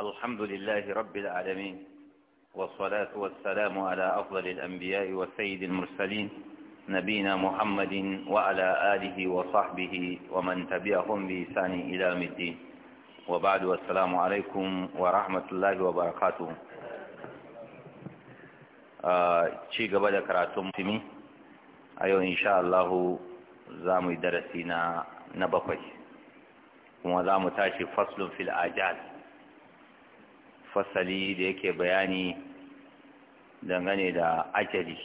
الحمد لله رب العالمين والصلاة والسلام على أفضل الأنبياء وسيد المرسلين نبينا محمد وعلى آله وصحبه ومن تبعهم بإحسان إلى الدين وبعد والسلام عليكم ورحمة الله وبركاته ci آه، قبل da karatun mutumi a yau insha Allahu za mu yi darasi na bakwai fasali da yake bayani dangane da ajali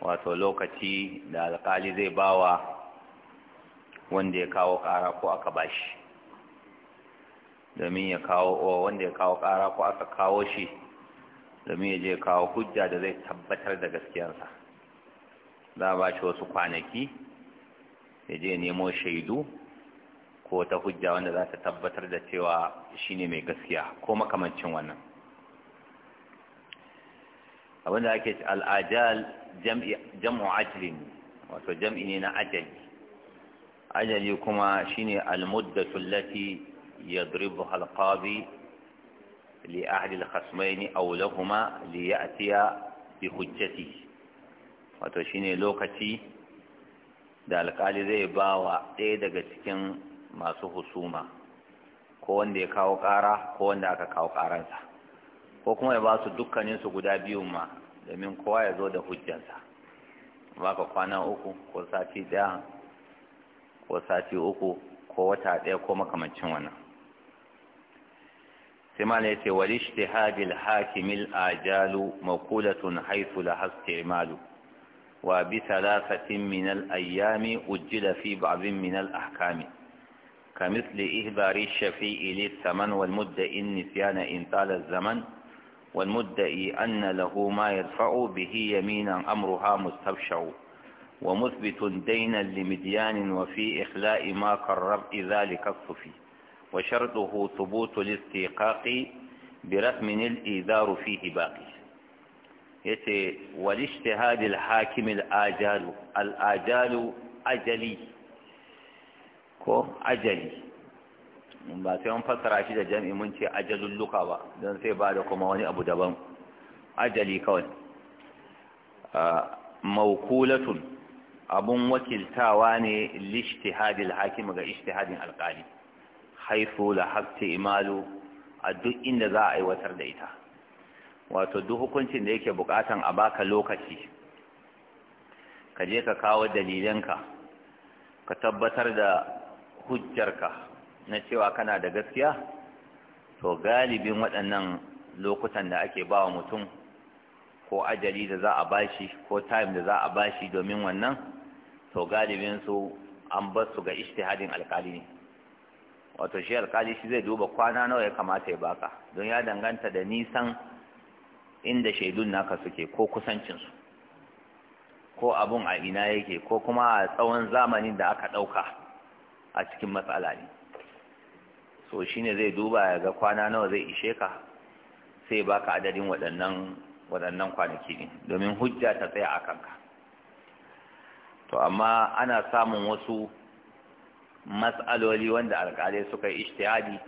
wato lokaci da alkali zai bawa wanda ya kawo kara ko aka bashi domin ya kawo wanda ya kawo kara ko aka kawo shi domin ya je kawo hujja da zai tabbatar da gaskiyarsa za a bashi wasu kwanaki ya je nemo shaidu ko ta hujja wanda za ta tabbatar da cewa shine mai gaskiya ko makamancin wannan abinda ake ce al'ajal jam'u ne wato jam'i ne na ajali ajali kuma shine ne muddatu allati ya al-qadi li ahli ne a li bi hujjati wato shine lokaci da alkali zai bawa ɗaya daga cikin masu husuma ko wanda ya kawo ƙara ko wanda aka kawo ƙaransa ko kuma ya ba su dukkaninsu guda biyu ma domin kowa ya zo da hujjansa ba ka kwana uku ko sati ɗaya ko sati uku ko wata ɗaya ko makamancin wannan sai ma ne ce walishtihadil hakimil ajalu maqulatun haythu la hastimalu wa bi thalathatin min al-ayami ujjila fi ba'dhin min al-ahkami كمثل إهبار الشفيء للثمن إن النسيان إن طال الزمن والمدة أن له ما يدفع به يمينا أمرها مستبشع ومثبت دينا لمديان وفي إخلاء ما قرب ذلك الصفي وشرطه ثبوت الاستيقاق برسم الإيذار فيه باقي يتي والاجتهاد الحاكم الآجال الآجال أجلي ko ajali in ba sai mun fassara shi da jam'i mun ce ajalulluka ba don sai ba da kuma wani abu daban ajali kawai maukulatun abun wakiltawa ne lishtihadil hakim ga ishtihadin alkali haifu la hakta imalu a duk inda za a aiwatar da ita wato duk hukuncin da yake bukatan a baka lokaci ka je ka kawo dalilanka ka tabbatar da hujjarka na cewa kana da gaskiya to galibin waɗannan lokutan da ake ba wa mutum ko ajali da za a bashi ko time da za a bashi domin wannan to galibin su an bar su ga ishtihadin alkali ne wato shi alkali shi zai duba kwana nawa ya kamata ya baka don ya danganta da nisan inda shaidun naka suke ko kusancinsu ko abun a ina yake ko kuma a tsawon zamanin da aka ɗauka a cikin matsala ne so ne zai duba ya ga kwana nawa zai ishe ka sai baka adadin waɗannan kwanaki ne domin hujja ta tsaya a kanka to amma ana samun wasu matsaloli wanda alƙalai suka yi ishtiyadi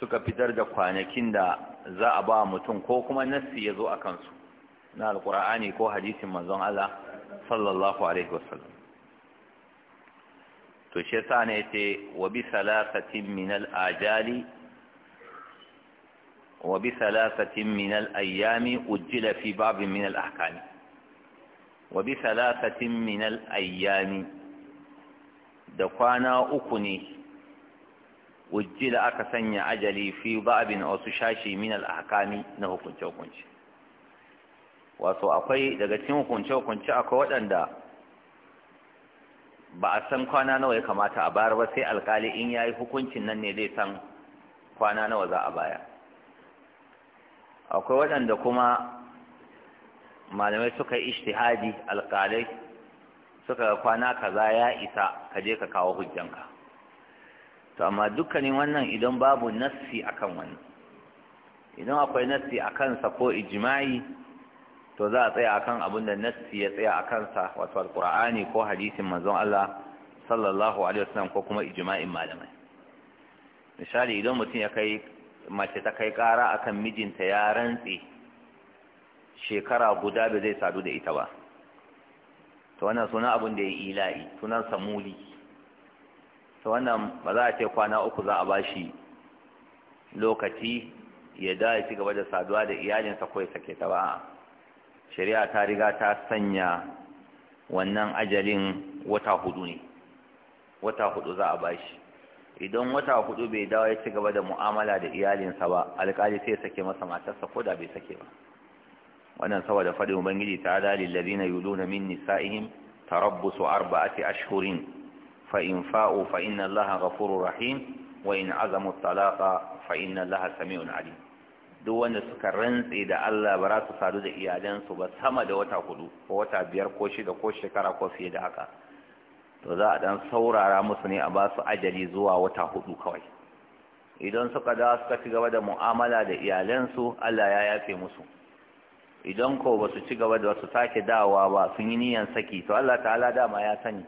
suka fitar da kwanakin da za a ba mutum ko kuma nassi ya zo a kansu na alƙur'ani ko hadisin manzon Allah sallallahu alaihi wasallam to shi yasa ne yace wa bi salasatin min ajali wa bi salasatin min ayyami, ayami ujjila fi babin min al ahkami wa bi salasatin min al da kwana uku ne ujjila aka sanya ajali fi babin wasu shashi min al ahkami na hukunce hukunce wasu akwai daga cikin hukunce hukunce akwai waɗanda ba a san kwana nawa ya kamata a bayar ba sai alkali in ya yi hukuncin nan ne zai san kwana nawa za a baya akwai waɗanda kuma malamai suka yi ishtihadi alkalai suka ga kwana kaza ya isa ka je ka kawo hujjanka to amma dukkanin wannan idan babu nassi akan wannan idan akwai nassi akan sa ko ijima'i. to za a tsaya akan abin da nassi ya tsaya a kansa wato alkur'ani ko hadisin manzon Allah sallallahu alaihi wasallam ko kuma ijma'in malamai misali idan mutum ya kai mace ta kai kara akan mijinta ya rantse shekara guda ba zai sadu da ita ba to wannan suna abin da ya ila'i sunan samuli to wannan ba za a ce kwana uku za a bashi lokaci ya dace gaba da saduwa da iyalinsa ko ya sake ta ba shari'a ta riga ta sanya wannan ajalin wata hudu ne wata hudu za a bashi idan wata hudu bai dawo ya ci gaba da mu'amala da iyalinsa ba alkali sai sake masa matarsa ko da bai sake ba wannan saboda faɗin ubangiji ta ala lillazina yuluna min nisa'ihim tarabbusu arba'ati ashhurin fa in fa'u fa inna allaha ghafurur rahim wa in azamu talaqa fa inna allaha sami'un alim duk wanda suka rantse da Allah ba za su sadu da iyalansu ba sama da wata hudu ko wata biyar ko shida ko shekara ko fiye da haka to za a dan saurara musu ne a ba su ajali zuwa wata hudu kawai idan suka da suka ci gaba da mu'amala da iyalansu Allah ya yafe musu idan ko ba su ci gaba da su sake dawa ba sun yi niyan saki to Allah ta'ala dama ya sani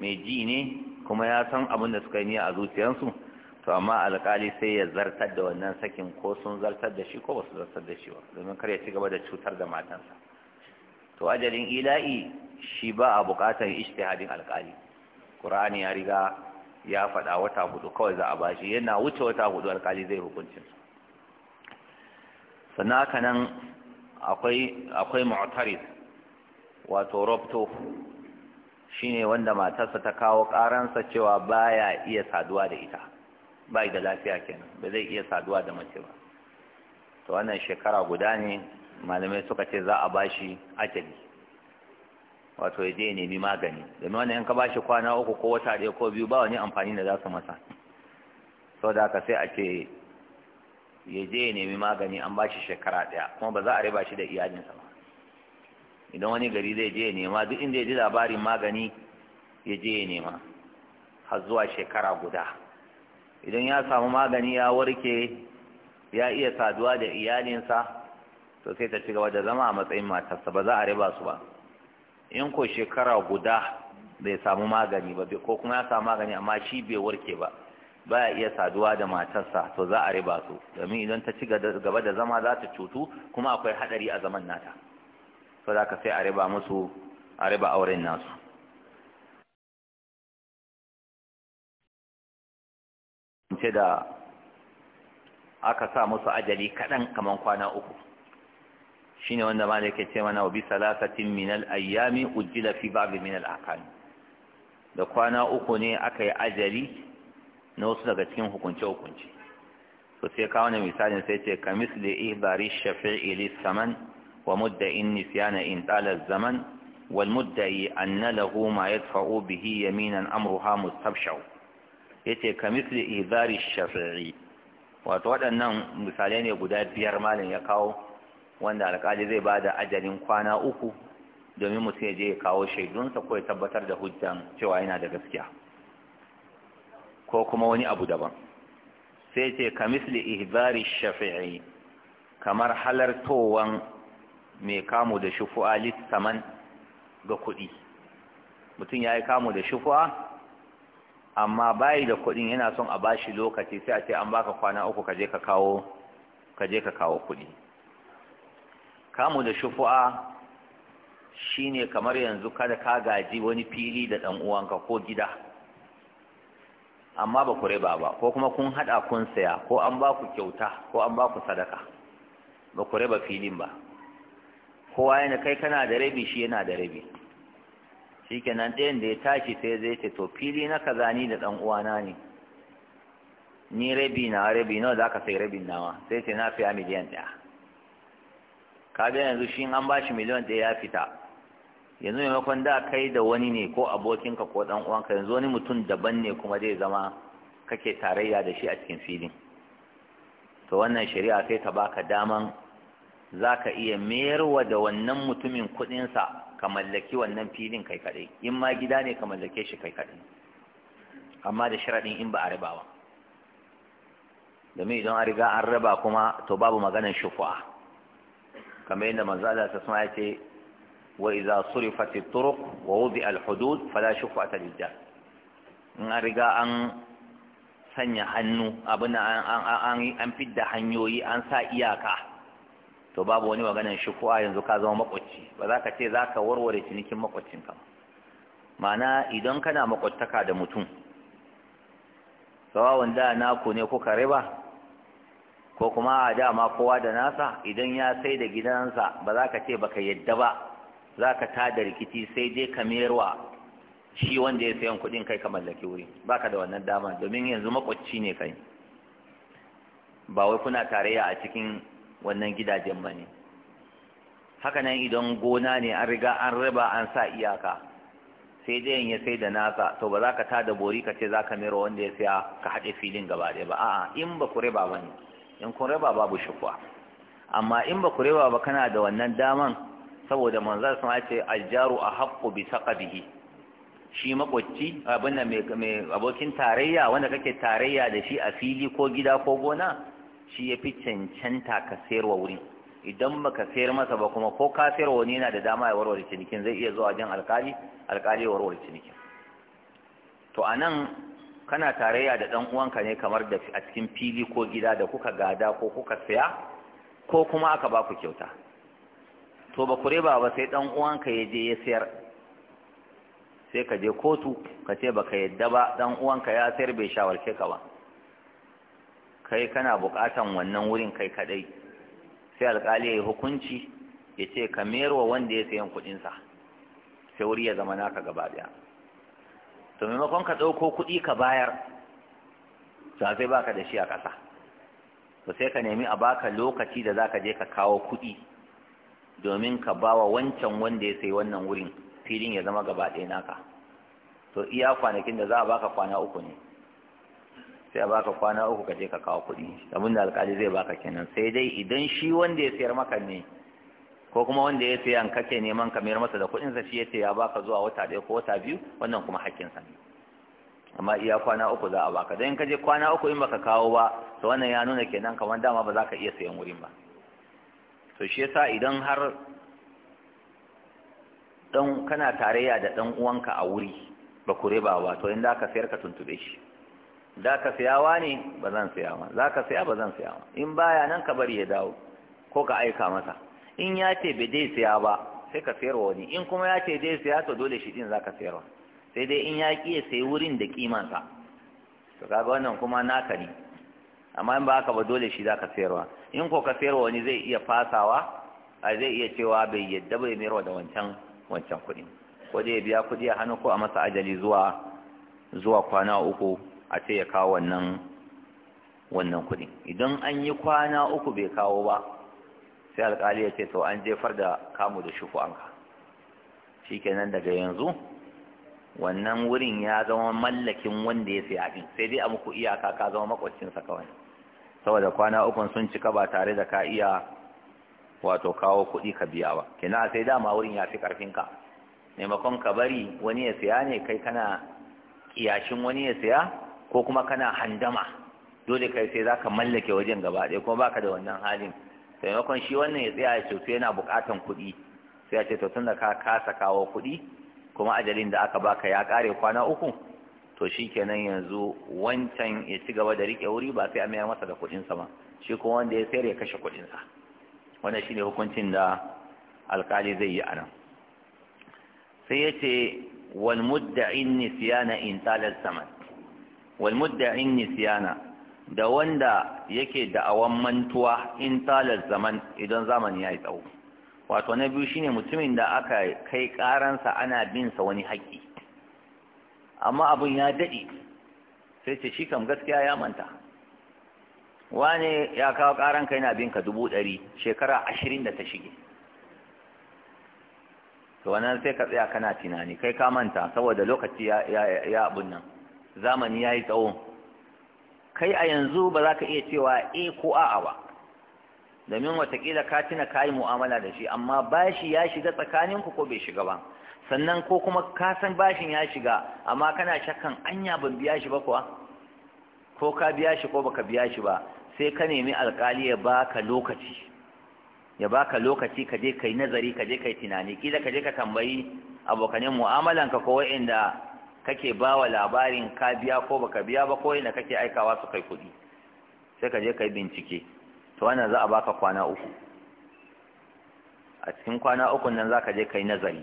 mai ji ne kuma ya san abin da suka yi niyya a zuciyarsu to amma alƙali sai ya zartar da wannan sakin ko sun zartar da shi ko ba zartar da shi ba domin kar ya ci gaba da cutar da matansa to ajalin ila'i shi ba a buƙatar ishtihadin alƙali. Ƙur'ani ya riga ya faɗa wata hudu kawai za a ba shi yana wuce wata hudu alƙali zai hukuncin sannan haka nan akwai akwai mu'tarid wato rofto shine wanda matarsa ta kawo karansa cewa baya iya saduwa da ita bai da lafiya kenan ba zai iya saduwa da mace ba to wannan shekara guda ne malamai suka ce za a bashi ajali wato ya je ya nemi magani domin wannan in ka bashi kwana uku ko wata ɗaya ko biyu ba wani amfani da za su masa sau da haka sai a ce ya je ya nemi magani an bashi shekara ɗaya kuma ba za a riba shi da iyalinsa ba idan wani gari zai je ya nema duk inda ya ji labarin magani ya je ya nema har zuwa shekara guda idan ya samu magani ya warke ya iya saduwa da iyalinsa to sai ta ci gaba da zama a matsayin matarsa ba za a riba su ba in ko shekara guda bai samu magani ba ko kuma ya samu magani amma shi bai warke ba ba ya iya saduwa da matarsa to za a riba su domin idan ta ci gaba da zama za ta cutu kuma akwai haɗari a zaman nata to za ka sai a riba musu a riba auren nasu kwance da aka sa musu ajali kaɗan kaman kwana uku ne wanda ma yake ce mana a bi salasatin min ayyami ujjila fi ba'd min al da kwana uku ne aka yi ajali na wasu daga cikin hukunce-hukunce so sai kawo ne misalin sai ce ka misli ihbari shafi'i saman wa mudda'in nisyana in tala zaman wal mudda'i anna lahu ma yadfa'u bihi yaminan amruha mustabshaw yace kamisli izari shafi'i wato waɗannan misalai ne guda biyar malin ya kawo wanda alƙali zai ba da ajalin kwana uku domin mutum ya je ya kawo shaidunsa ko ya tabbatar da hujjan cewa yana da gaskiya ko kuma wani abu daban sai ce kamisli izari shafi'i kamar halartowan mai kamo da shufu'a littaman ga kuɗi mutum ya yi kamu da shufu'a amma bayi da kuɗin yana son a bashi lokaci sai a ce an baka kwana uku ka je ka kawo ka ka kawo kuɗi kamu da shufu'a shine kamar yanzu kada ka gaji wani fili da ɗan uwanka ko gida amma ba ku riba ba ko kuma kun haɗa kun saya ko an ba kyauta ko an ba sadaka ba ku riba filin ba kowa yana kai kana da rabi shi yana da rabi shi nan ɗayan da ya tashi sai zai ce to fili na kaza ni da ɗan uwana ne ni rabi na rabi nawa za ka sai rabin nawa sai ce na fiya miliyan ɗaya ga yanzu shi an ba shi miliyan ɗaya ya fita yanzu maimakon da kai da wani ne ko abokinka ko ɗan uwanka yanzu wani mutum daban ne kuma zai zama kake tarayya da shi a cikin filin to wannan shari'a sai ta baka daman za ka iya mayarwa da wannan mutumin kuɗinsa ka mallaki wannan filin kai kaɗai. in ma gida ne ka mallake shi kai kaɗai. amma da sharaɗin in ba a raba ba domin idan an riga an raba kuma to babu maganan shufa kamar yadda manzo Allah ta yace wa idza surifat at-turuq wa wudi al-hudud fala shuku'a ta jar in an riga an sanya hannu abin an an an fidda hanyoyi an sa iyaka to babu wani maganin shi ko a yanzu ka zama makwacci ba za ka ce za ka warware cinikin makwaccinka mana idan kana makwattaka da mutum sawawan da naku ne kuka riba ko kuma a dama kowa da nasa idan ya sai da gidansa ba za ka ce ba ka yadda ba za ka ta da rikici sai dai ka mayarwa shi wanda ya sayan kuɗin kai ka mallaki wuri ba ka da wannan dama domin yanzu makwacci ne kai ba wai kuna tarayya a cikin wannan gidajen ba ne haka nan idan gona ne an riga an raba an sa iyaka sai dai ya sai da naka to ba za ka tada bori ka ce za ka mera wanda ya saya ka haɗe filin gaba ɗaya ba a'a in ba ku raba ba ne in kun raba babu shukwa amma in ba ku raba ba kana da wannan daman saboda manzar sun ce aljaru a haƙƙo bi bihi. shi makwacci abin mai abokin tarayya wanda kake tarayya da shi a fili ko gida ko gona shi ya fi cancanta ka sayarwa wuri idan ba ka sayar masa ba kuma ko ka sayar wani yana da dama ya warware cinikin zai iya zuwa jan alkali alkali ya warware cinikin to a nan kana tarayya da ɗan uwanka ne kamar da a cikin fili ko gida da kuka gada ko kuka saya ko kuma aka ba ku kyauta to ba ku reba ba sai ɗan uwanka ya je ya sayar sai ka je kotu ka ce baka yadda ba ɗan uwanka ya sayar bai shawarce ka ba kai kana bukatan wannan wurin kai kaɗai sai alƙali ya hukunci ya ce ka wa wanda ya sayan kuɗinsa sai wuri ya zama naka gaba daya to maimakon ka ɗauko kuɗi ka bayar to sai baka da shi a kasa to sai ka nemi a baka lokaci da zaka je ka kawo kuɗi domin ka ba wa wancan wanda ya sayi wannan wurin filin ya zama gaba ɗaya naka to iya kwanakin da za a baka kwana uku ne sai a baka kwana uku ka je ka kawo kuɗi abin da alkali zai baka kenan sai dai idan shi wanda ya sayar maka ne ko kuma wanda ya sayan kake neman ka mayar masa da kuɗin sa shi ya ce ya baka zuwa wata ɗaya ko wata biyu wannan kuma hakkin sa ne amma iya kwana uku za a baka don ka je kwana uku in baka kawo ba to wannan ya nuna kenan kamar dama ba za ka iya sayan wurin ba to shi yasa idan har dan kana tarayya da dan uwanka a wuri ba ku ba to inda ka sayar ka tuntube shi za ka siyawa ne ba zan siya za ka siya ba zan siya in baya nan ka bari ya dawo ko ka aika masa in ya ce bai dai siya ba sai ka sayarwa wani in kuma ya ce dai siya to dole shi din za ka siyarwa sai dai in ya ƙi sai wurin da kimansa to kaga wannan kuma naka ne amma in ba haka ba dole shi za ka siyarwa in ko ka siyar wani zai iya fasawa a zai iya cewa bai yadda bai mayarwa da wancan wancan kuɗi ko dai ya biya kuɗi a hannu ko a masa ajali zuwa zuwa kwana uku a ce ya kawo wannan wannan kuɗin idan an yi kwana uku bai kawo ba sai alƙali ya ce to an jefar da kamu da shufu anka shikenan daga yanzu wannan wurin ya zama mallakin wanda ya sai abin sai dai a muku iyaka ka zama makwacinsa kawai saboda kwana uku sun cika ba tare da ka iya wato kawo kuɗi ka biya ba kina sai dama wurin ya fi ka maimakon ka bari wani ya siya ne kai kana kiyashin wani ya siya ko kuma kana handama dole kai sai zaka mallake wajen gaba ɗaya kuma baka da wannan halin Sai taimakon shi wannan ya tsaya ya ce yana buƙatan kuɗi sai ya ce to tunda ka kasa kawo kuɗi kuma ajalin da aka baka ya kare kwana uku to shikenan yanzu wancan ya ci gaba da rike wuri ba sai a mayar masa da kuɗinsa ba shi kuma wanda ya sayar ya kashe kuɗinsa wannan shine hukuncin da alƙali zai yi anan. sai ya ce wal mudda'in nisyana in talal zaman walmudda in nisiyana da wanda yake da'awan mantuwa in talar zaman idan zamani ya yi tsawo wato na biyu shine mutumin da aka kai karansa ana bin sa wani haƙƙi amma abun ya daɗe sai ce shi kam gaskiya ya manta wane ya kawo karanka yana bin ka dubu ɗari shekara ashirin da ta shige to wannan sai ka tsaya kana tunani kai ka manta saboda lokaci ya abun nan zamani ya yi tsawon kai a yanzu ba za ka iya cewa e ko a'a ba domin watakila ka tuna ka yi mu'amala da shi amma bashi ya shiga tsakaninku ko bai shiga ba sannan ko kuma ka san bashin ya shiga amma kana shakkan anya ban biya shi ba kuwa ko ka biya shi ko baka biya shi ba sai ka nemi alkali ya baka lokaci ya baka lokaci ka je kai nazari ka je kai tunani kila ka je ka tambayi abokanin mu'amalanka ko wa'inda kake ba wa labarin ka biya ko baka biya ba ko inda kake aikawa su kai kuɗi sai ka je ka yi bincike to wannan za a baka kwana uku a cikin kwana uku nan za ka je ka yi nazari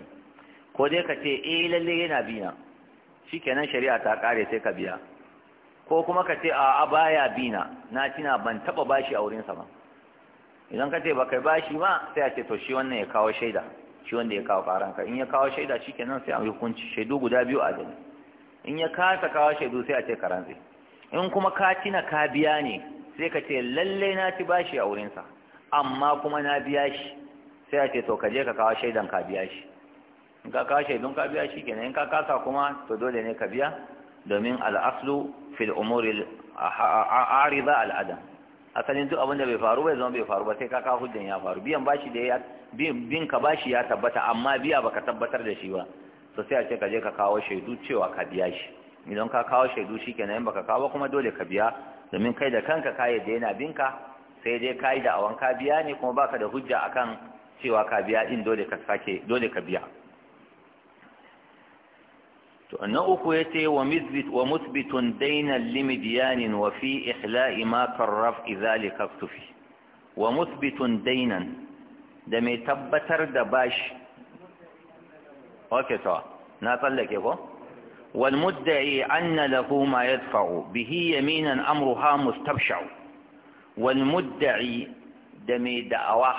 ko dai ka ce eh lalle yana bina kenan shari'a ta kare sai ka biya ko kuma ka ce a baya bina na tina ban taba bashi a wurinsa ba idan ka ce ba kai bashi ba sai a ce to shi wannan ya kawo shaida shi wanda ya kawo karanka in ya kawo shaida kenan sai a hukunci shaidu guda biyu a gani in ya kasa kawo shaidu sai a ce ka rantse in kuma ka tina ka biya ne sai ka ce lalle na ci bashi a wurinsa amma kuma na biya shi sai a ce to ka je ka kawo shaidan ka biya shi in ka kawo shaidun ka biya shi kenan in ka kasa kuma to dole ne ka biya domin al'aslu fil umuri arida al'adam asalin duk abin da bai faru bai zama bai faru ba sai ka kawo hujjan ya faru biyan bashi da ya bin ka bashi ya tabbata amma biya baka tabbatar da shi ba to sai a ce ka je ka kawo shaidu cewa ka biya shi idan ka kawo shaidu shi kenan baka kawo kuma dole ka biya domin kai da kanka ka yadda yana binka sai dai ka yi da awan ka biya ne kuma baka da hujja akan cewa ka biya in dole ka sake dole ka biya to na uku yace wa mizbit wa musbitun daynan limidyan wa fi ihla'i ma karraf idhalika tufi wa musbitun dainan da mai tabbatar da bashi ok to na tsallake ko wal mudda'i anna lahu ma yadfa'u bihi yaminan amruha mustabsha'u wal mudda'i da mai da'awa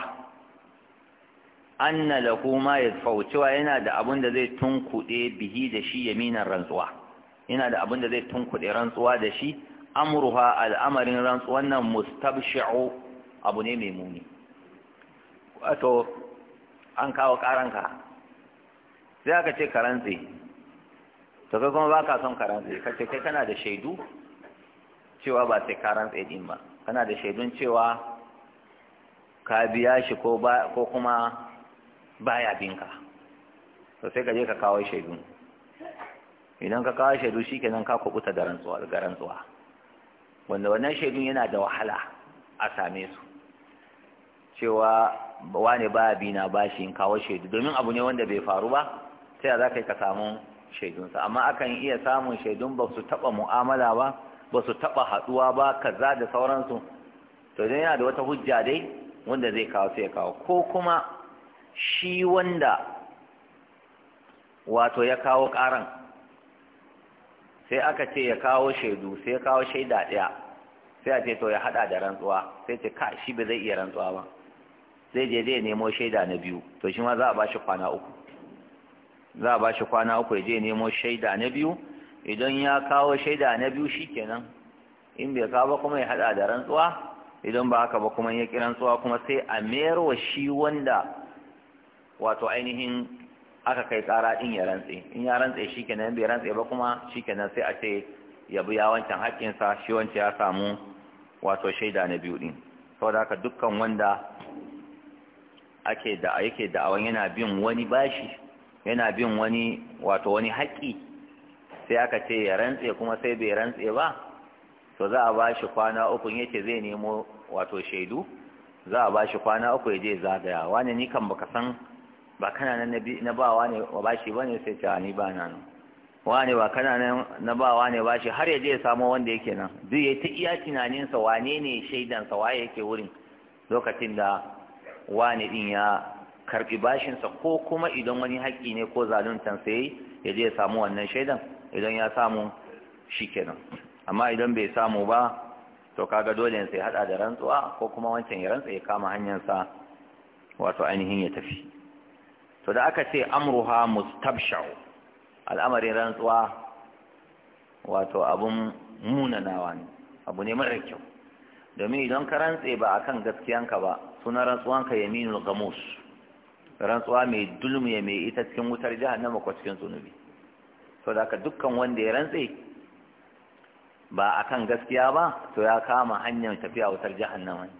anna lahu ma yadfa'u cewa yana da abun da zai tunkuɗe bihi da shi yaminan rantsuwa yana da abun da zai tunkuɗe rantsuwa da shi amruha al'amarin rantsuwan nan mustabshi'u abu ne mai muni wato an kawo karanka sai aka ce ka rantse to kai kuma baka son ka ka ce kai kana da shaidu cewa ba sai ka din ba kana da shaidun cewa ka biya shi ko ba ko kuma baya binka to sai ka je ka kawo shaidu. idan ka kawo shaidu shikenan ka kubuta da rantsuwa da rantsuwa wanda wannan shaidun yana da wahala a same su cewa wane ba bi na bashi in kawo shaidu domin abu ne wanda bai faru ba sai za ka yi ka samu shaidunsa amma akan iya samun shaidun ba su taɓa mu'amala ba ba su taɓa haɗuwa ba kaza da sauransu to don yana da wata hujja dai wanda zai kawo sai ya kawo ko kuma shi wanda wato ya kawo ƙaran sai aka ce ya kawo shaidu sai ya kawo shaida ɗaya sai a ce to ya haɗa da rantsuwa sai ce ka shi ba zai iya rantsuwa ba zai je zai nemo shaida na biyu to shi ma za a ba shi kwana uku za a ba shi kwana uku ya je nemo shaida na biyu idan ya kawo shaida na biyu shikenan in bai kawo ba kuma ya hada da rantsuwa idan ba haka ba kuma ya kiran rantsuwa kuma sai a mayar wa shi wanda wato ainihin aka kai tsara in ya rantse in ya rantse shikenan bai rantse ba kuma shikenan sai a ce ya biya wancan haƙƙinsa shi wancan ya samu wato shaida na biyu din saboda haka dukkan wanda ake da yake awan yana bin wani bashi yana bin wani wato wani haƙƙi sai aka ce ya rantse kuma sai bai rantse ba to za a ba shi kwana uku ya ce zai nemo wato shaidu za a ba shi kwana uku ya je zagaya wani ni kan baka san ba kana nan na ba wani wa ba shi bane sai ce ni ba nan wani ba kana nan na ba wani ba shi har ya je ya samo wanda yake nan duk ya ta iya tunaninsa wane ne shaidansa waye yake wurin lokacin da wani din ya karbi bashinsa ko kuma idan wani haƙƙi ne ko zaluntan sai ya je ya samu wannan shaidan idan ya samu shikenan amma idan bai samu ba to kaga dole sai hada da rantsuwa ko kuma wancan ya rantsa ya kama hanyarsa wato ainihin ya tafi to da aka ce amruha mustabsha'u al'amarin rantsuwa wato abun munanawa ne abu ne mara kyau domin idan ka rantse ba akan gaskiyanka ba sunan rantsuwanka yaminul gamus rantsuwa mai ya mai ita cikin wutar jahannama ko cikin zunubi to da ka dukkan wanda ya rantse ba kan gaskiya ba to ya kama hanyar tafiya wutar jahannama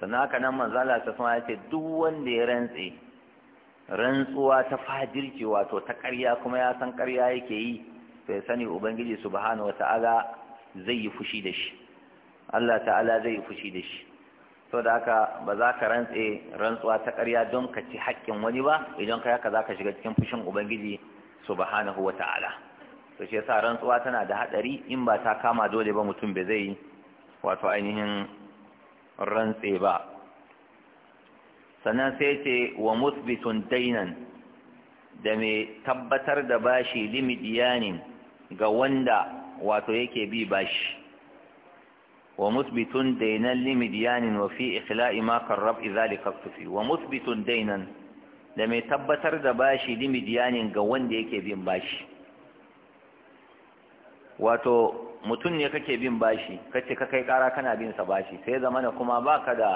sannan haka nan manzo Allah ta sama yace duk wanda ya rantse rantsuwa ta fajirki wato ta karya kuma ya san ƙarya yake yi to ya sani ubangiji subhanahu wataala zai yi fushi da shi Allah ta'ala zai yi fushi da shi so da haka ba za ka rantse rantsuwa ta ƙarya don ka ci haƙƙin wani ba idan ka yaka za ka shiga cikin fushin ubangiji subhanahu wa ta'ala to shi yasa rantsuwa tana da haɗari in ba ta kama dole ba mutum bai zai wato ainihin rantse ba sannan sai ce wa musbitun dainan da mai tabbatar da bashi limidiyanin ga wanda wato yake bi bashi ومثبت دينا لمديان وفي إخلاء ما قرب ذلك الطفل ومثبت دينا da mai tabbatar da bashi limidiyanin ga wanda yake bin bashi wato mutum ne kake bin bashi kace ka kai kara kana bin sa bashi sai zamana kuma baka da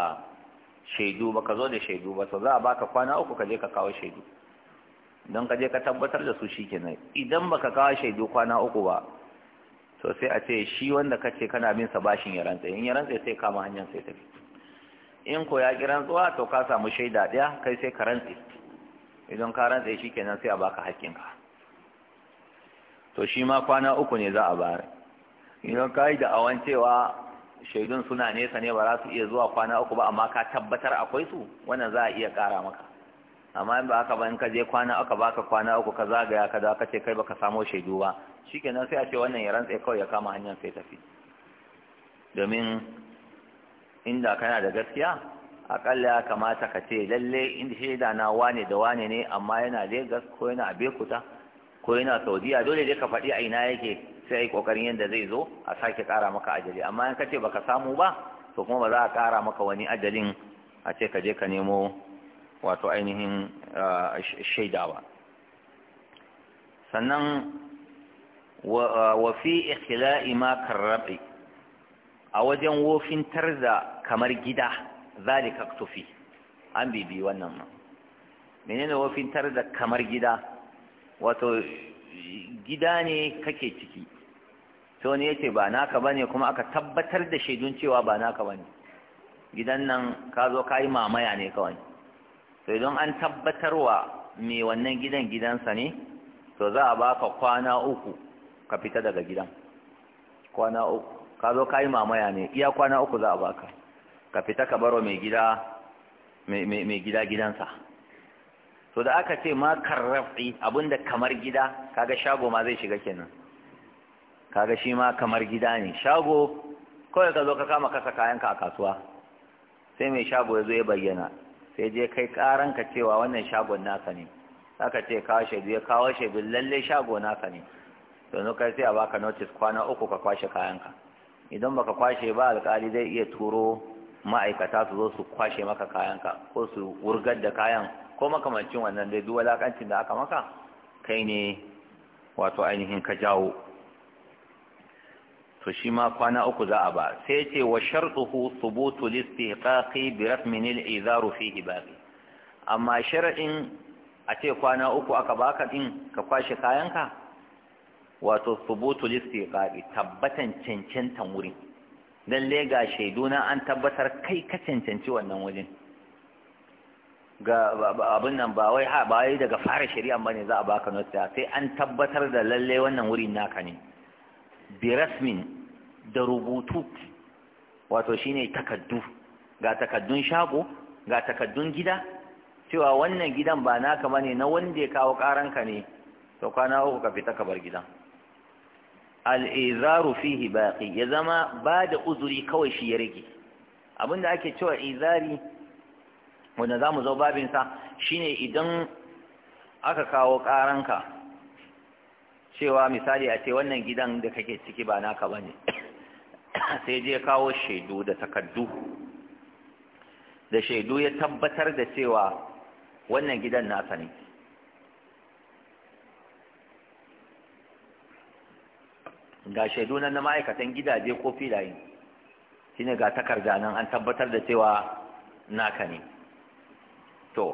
shaidu baka zo da shaidu ba to za a baka kwana uku ka ka kawo shaidu don ka ka tabbatar da su shikenan idan baka kawo shaidu kwana uku ba so sai a ce shi wanda ka ce kana bin sa bashin ya rantsa in ya rantsa sai kama hanyar sai tafi in ko ya ki rantsuwa to ka samu shaida daya kai sai ka rantsa idan ka rantsa kenan sai a baka haƙƙinka to shi ma kwana uku ne za a bayar idan ka yi da awan cewa shaidun suna nesa ne ba za su iya zuwa kwana uku ba amma ka tabbatar akwai su wannan za a iya ƙara maka amma in ba haka ba in ka je kwana uku ka kwana uku ka zagaya ka da ka ce kai baka samo shaidu ba nan sai a ce wannan ya rantsa kawai ya kama hanyar sai tafi domin inda kana da gaskiya akalla ya kamata ka ce lalle inda shaida na wane da wane ne amma yana Legas ko yana Bekuta, ko yana Saudiya dole dai ka faɗi a ina yake sai yi ƙoƙarin yadda zai zo a sake ƙara maka ajali amma in ka ce baka samu ba to kuma ba za a ƙara maka wani ajalin a ce ka je ka nemo wato ainihin ah, shaida ba sannan wa fi ikhla'i ma karrabi a wajen wofin tarza kamar gida zalika tufi an bibi wannan ma menene wofin tarza kamar gida wato gida ne kake ciki to ne yace ba naka bane kuma aka tabbatar da shaidun cewa ba naka bane gidan nan ka zo ka yi mamaya ne kawai to idan an tabbatarwa me wannan gidan gidansa ne to za a baka kwana uku ka fita daga gidan kwana uku ka zo ka yi mamaya ne iya kwana uku za a baka ka fita ka baro mai gida mai gida gidansa so da aka ce ma karrafi abinda kamar gida kaga shago ma zai shiga kenan kaga shi ma kamar gida ne shago kawai ka zo ka kama kasa kayanka a kasuwa sai mai shago ya zo ya bayyana sai je kai karanka cewa wannan shagon naka ne aka ce kawo shaidu ya kawo shaidu lalle shago naka ne yanzu kai sai a baka notice kwana uku ka kwashe kayanka idan baka kwashe ba alkali zai iya turo ma'aikata su zo su kwashe maka kayanka ko su wurgar da kayan ko makamancin wannan dai duk walakancin da aka maka kai ne wato ainihin ka jawo to shi ma kwana uku za a ba sai ce wa sharɗuhu thubutu listiqaqi bi rafmin al-izaru fihi baqi amma sharadin a ce kwana uku aka baka din ka kwashe kayanka wato subutu listiqa'i tabbatan cancantan wurin lalle ga shaiduna an tabbatar kai ka cancanci wannan wajen ga abin nan ba wai ha ba wai daga fara shari'a bane za a baka nasiha sai an tabbatar da lalle wannan wuri naka ne bi rasmin da rubutu wato shine takaddu ga takaddun shago ga takaddun gida cewa wannan gidan ba naka bane na wanda ya kawo karanka ne to kwana uku ka fita ka bar gidan al'izaru fihi baƙi ya zama ba da uzuri kawai shi ya rage abinda ake cewa izari wanda za mu zo babinsa shi ne idan aka kawo ƙaranka cewa misali a ce wannan gidan da kake ciki ba naka ba ne sai je kawo shaidu da takaddu da shaidu ya tabbatar da cewa wannan gidan nasa ne ga shaidunan na ma'aikatan gidaje ko filaye ne ga takarda nan an tabbatar da cewa naka ne to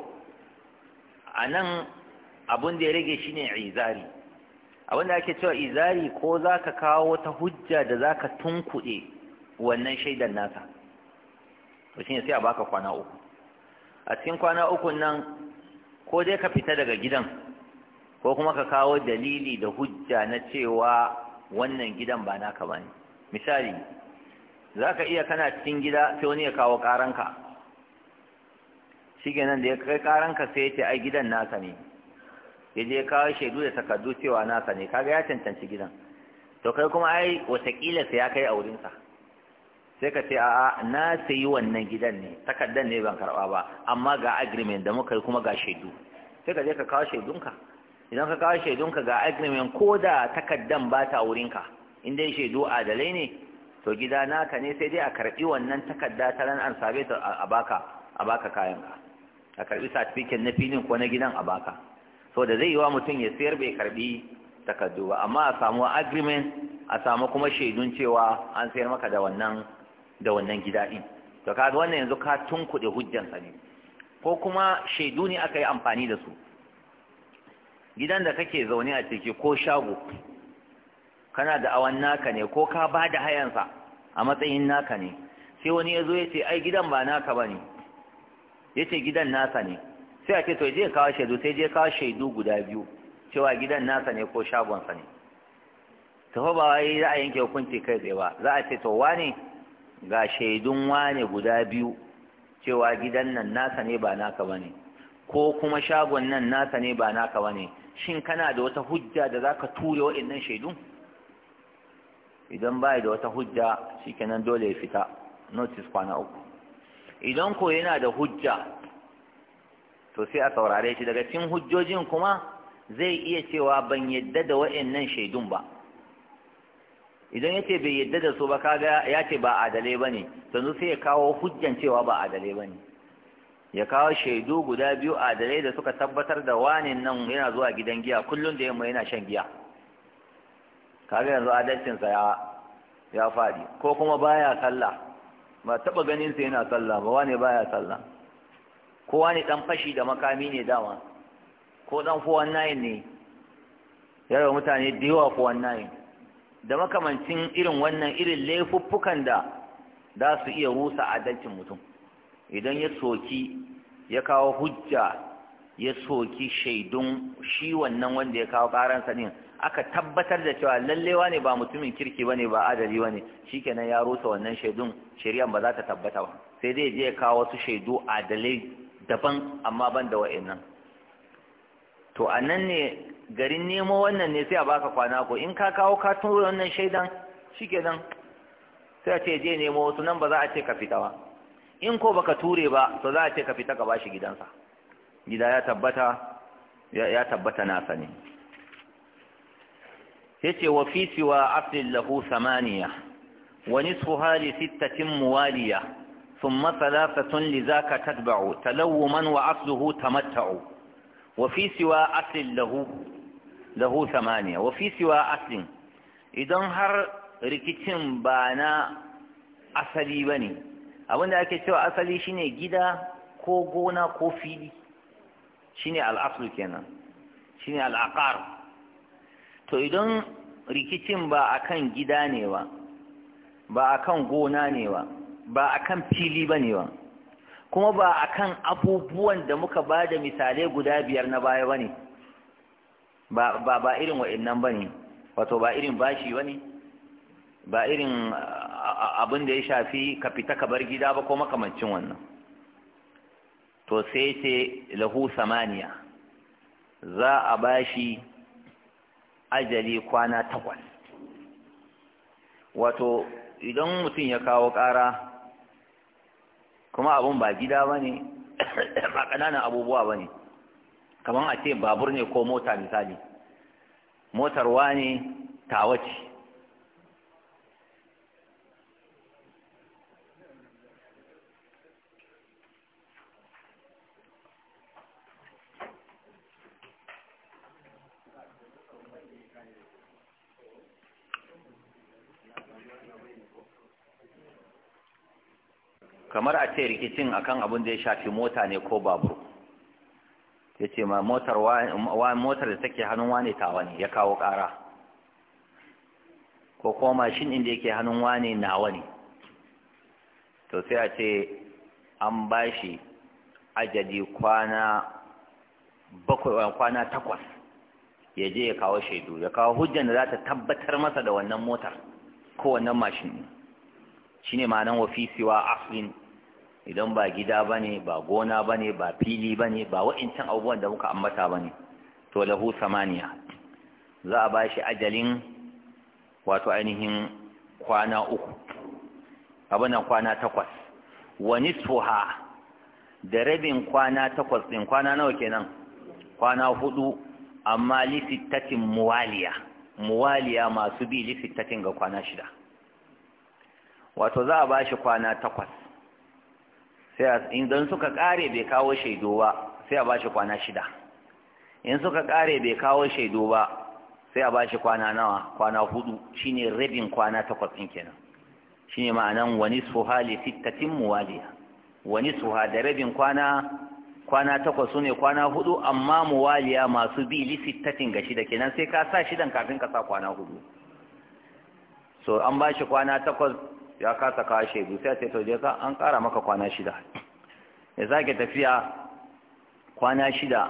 a nan abin da ya rage shi ne izari abin da ake cewa izari ko za ka kawo ta hujja da za ka tunkuɗe wannan shaidan nasa to shi ne sai a baka kwana uku a cikin kwana uku nan ko dai ka fita daga gidan ko kuma ka kawo dalili da hujja na cewa wannan gidan ba naka ba ne misali za ka iya kana cikin gida sai wani ya kawo ƙaranka shi nan da ya kai ƙaranka sai ya ce ai gidan naka ne ya je kawo shaidu da takardu cewa naka ne kaga ya cancanci gidan to kai kuma ai watakila sai ya kai a wurinsa sai ka ce a'a na sayi wannan gidan ne takardan ne ban karɓa ba amma ga agreement da muka yi kuma ga shaidu sai ka je ka kawo shaidunka idan ka kawo shaidunka ga agreement ko da takaddan ba ta wurinka in dai shaidu adalai ne to gida naka ne sai dai a karbi wannan takadda ta ran an sabe ta a baka a baka kayan ka a karbi certificate na filin ko na gidan a baka so da zai yi wa mutum ya sayar bai karɓi takaddu ba amma a samu agreement a samu kuma shaidun cewa an sayar maka da wannan da wannan gida din to kaga wannan yanzu ka tunkuɗe hujjansa ne ko kuma shaidu ne aka yi amfani da su gidan da kake zaune a ciki ko shago kana da awan naka ne ko ka ba da hayansa a matsayin naka ne sai wani ya zo ya ce ai gidan ba naka ba ne ya ce gidan nasa ne sai a ce to je kawo shaidu sai je kawo shaidu guda biyu cewa gidan nasa ne ko shagonsa ne tafi ba wai za a yanke hukunci kai tsaye ba za a ce to wane ga shaidun wane guda biyu cewa gidan nan nasa ne ba naka ba ne ko kuma shagon nan nasa ne ba naka ba ne shin kana da wata hujja da za ka ture waɗannan shaidun idan ba da wata hujja kenan dole ya fita notice kwana uku idan ko yana da hujja to sai a saurare shi daga cikin hujjojin kuma zai iya cewa ban yadda da waɗannan shaidun ba idan ya ce bai yadda da su ba kaga ya ce ba adalai ba ne sannu sai ya kawo hujjan cewa ba adalai ba ne ya kawo shaidu guda biyu a dare da suka tabbatar da wanin nan yana zuwa gidan giya kullum da yamma yana shan giya kaga yanzu adalcinsa ya ya faɗi ko kuma baya sallah ba taɓa ganinsa yana sallah ba wane baya sallah ko wane ɗan fashi da makami ne dama ko ɗan fuwan nayin ne yarwa mutane da yawa fuwan nayin da makamancin irin wannan irin laifuffukan da za su iya rusa adalcin mutum idan ya soki ya kawo hujja ya soki shaidun shi wannan wanda ya kawo karansa din aka tabbatar da cewa lallewa ne ba mutumin kirki ba ne ba adali ba ne. shi kenan ya rusa wannan shaidun shari'an ba za ta tabbata ba sai dai je ya kawo wasu shaidu adalai daban amma ban da wa'annan to a nan ne garin nemo wannan ne sai a baka kwana ko in ka kawo ka tura wannan shaidan shikenan sai a ce je nemo wasu nan ba za a ce ka fita ba in ko baka ture ba to za a ce ka fita ka bashi gidansa gida ya tabbata ya tabbata nasa ne yace wa fi siwa aflin lahu samaniya wa nisfu hali sittatin muwaliya ثم wa لذاك تتبع تلوما وأصله تمتع وفي سوى lahu samaniya. له ثمانية وفي سوى أصل إذا هر ركتين بانا أصلي بني abin da ake cewa asali shine gida ko gona ko fili shine al'aslu kenan shine al'aqar to idan rikicin ba akan gida ne ba ba akan gona ne ba ba akan fili ba ne ba kuma ba akan abubuwan da muka ba da misalai guda biyar na baya ba ne ba ba irin wa'annan ba ne wato ba irin bashi ba ne ba irin abin da ya shafi ka fita ka bar gida ba ko makamancin wannan to sai ce lahu samaniya za a bashi ajali kwana takwas wato idan mutum ya kawo ƙara kuma abin ba gida ba ne ba ƙananan abubuwa ba ne kamar a ce babur ne ko mota misali motarwa ne tawace aka rikicin akan abin da ya shafi mota ne ko babur ya ce ma motar da take hannun wane tawa ne ya kawo ƙara ko kuma mashin inda yake hannun wane nawa ne to sai a ce an bashi shi ajadi kwana bakwai kwana takwas ya je ya kawo shaidu ya kawo hujjan da za ta tabbatar masa da wannan motar ko wannan mashin shi ne ma'anan wa fi idan ba gida ba ne, ba gona ba ne, ba fili ba ne, ba wa'incan abubuwan da muka ambata ba ne, to lahu samaniya za a ba shi ajalin wato ainihin kwana uku abinan kwana takwas Wani tsoha da rabin kwana takwas din kwana nawa kenan kwana hudu amma lifittatin muwaliya muwaliya masu bi lifittatin ga kwana shida wato za a ba shi kwana takwas sai idan suka kare bai kawo shaidu ba sai a bashi kwana shida in suka kare bai kawo shaidu ba sai a bashi kwana nawa kwana hudu shine rabin kwana takwas din kenan shine ma'anan wani suha li sittatin muwaliya wani suha da rabin kwana kwana takwas sune kwana hudu amma muwaliya masu bi li sittatin ga shida kenan sai ka sa shidan kafin ka sa kwana hudu so an bashi kwana takwas ya kasa kawo shaidu sai ce to je ka an ƙara maka kwana shida ya sake tafiya kwana shida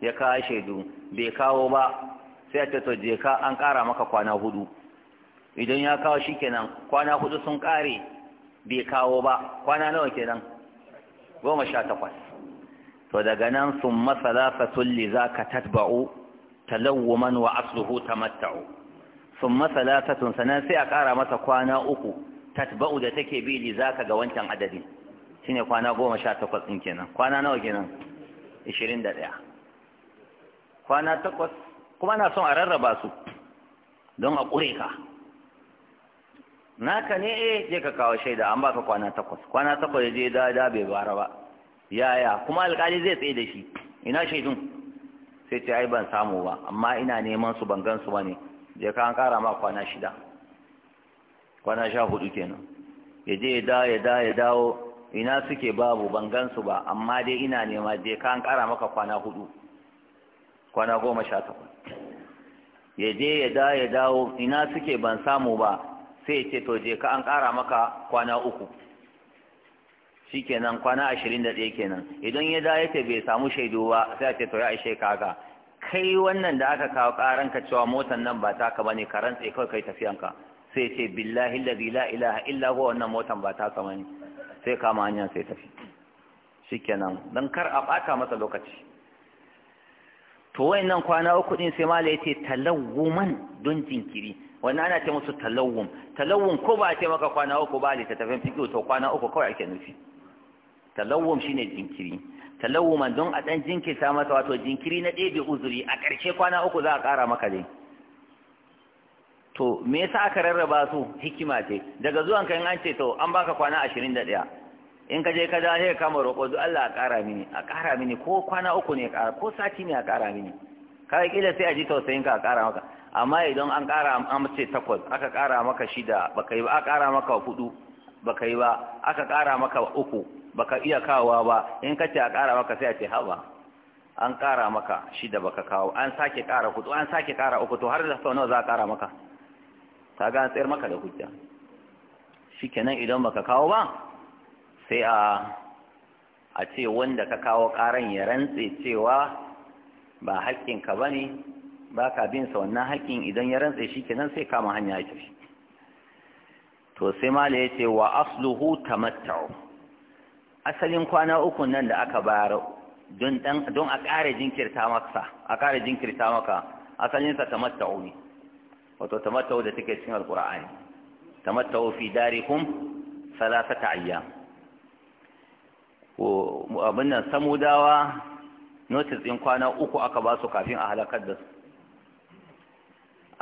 ya kawo shaidu bai kawo ba sai ce to je ka an ƙara maka kwana hudu idan ya kawo shi kenan kwana hudu sun ƙare bai kawo ba kwana nawa kenan goma sha takwas to daga nan sun masala tulli za ka tatba'u talawuman wa asluhu tamatta'u sun masala tun sannan sai a ƙara masa kwana uku tatba'u da take bi li zaka ga wancan adadin shine kwana goma sha takwas kenan kwana nawa kenan ishirin da ɗaya kwana takwas kuma na son a rarraba su don a ƙure ka naka ne eh je ka kawo shaida an baka kwana takwas kwana takwas je da da bai bara ba yaya kuma alƙali zai tsaye da shi ina shaidun sai ce ai ban samu ba amma ina neman su ban gan su bane je ka an ƙara ma kwana shida kwana sha hudu kenan ya je ya da ya dawo ina suke babu ban gansu ba amma dai ina nema je ka an kara maka kwana hudu kwana goma sha takwas ya je ya da ya dawo ina suke ban samu ba sai ce to je ka an kara maka kwana uku kenan kwana ashirin da ɗaya kenan idan ya ya yace bai samu shaidu ba sai a ce to ya ishe ka kai wannan da aka kawo karanka cewa motan nan ba taka bane ka rantse kawai kai tafiyanka sai ce billahi allazi la ilaha illa huwa wannan motan ba ta sama ne sai kama hanyar sai tafi shikenan dan kar a bata masa lokaci to wayannan kwana uku din sai mala yace talawuman don jinkiri wannan ana ce musu talawum talawum ko ba ce maka kwana uku ba ne ta tafi fiki to kwana uku kawai ake nufi talawum shine jinkiri talawuman don a dan jinkirta masa wato jinkiri na ɗebe uzuri a ƙarshe kwana uku za a ƙara maka dai to me yasa aka rarraba su hikima ce daga zuwan kan an ce to an baka kwana 21 in ka je ka da sai ka kama roƙo Allah ya ƙara mini a ƙara mini ko kwana uku ne ƙara ko sati ne a ƙara mini kai kila sai a ji tausayin ka a ƙara maka amma idan an ƙara an ce takwas aka ƙara maka shida baka yi ba aka ƙara maka hudu baka yi ba aka ƙara maka uku baka iya kawowa ba in ka ce a ƙara maka sai a ce haba an ƙara maka shida baka kawo an sake kara hudu an sake kara uku to har da sau nawa za a kara maka kaga an tsayar maka da hujja shikenan idan baka kawo ba sai a a ce wanda ka kawo karan ya rantse cewa ba haƙƙinka ba ne ba bin sa wannan haƙƙin idan ya rantse shi kenan sai kama hanya ake shi to sai mala ya ce wa asluhu tamattu asalin kwana uku nan da aka bayar don a ƙara jinkirta maka a jinkirta maka asalinsa tamattu ne wato tamattau da take cikin alqur'ani tamattau fi darikum salasata ayyam ko abin nan samudawa notice din kwana uku aka ba su kafin a halakar da su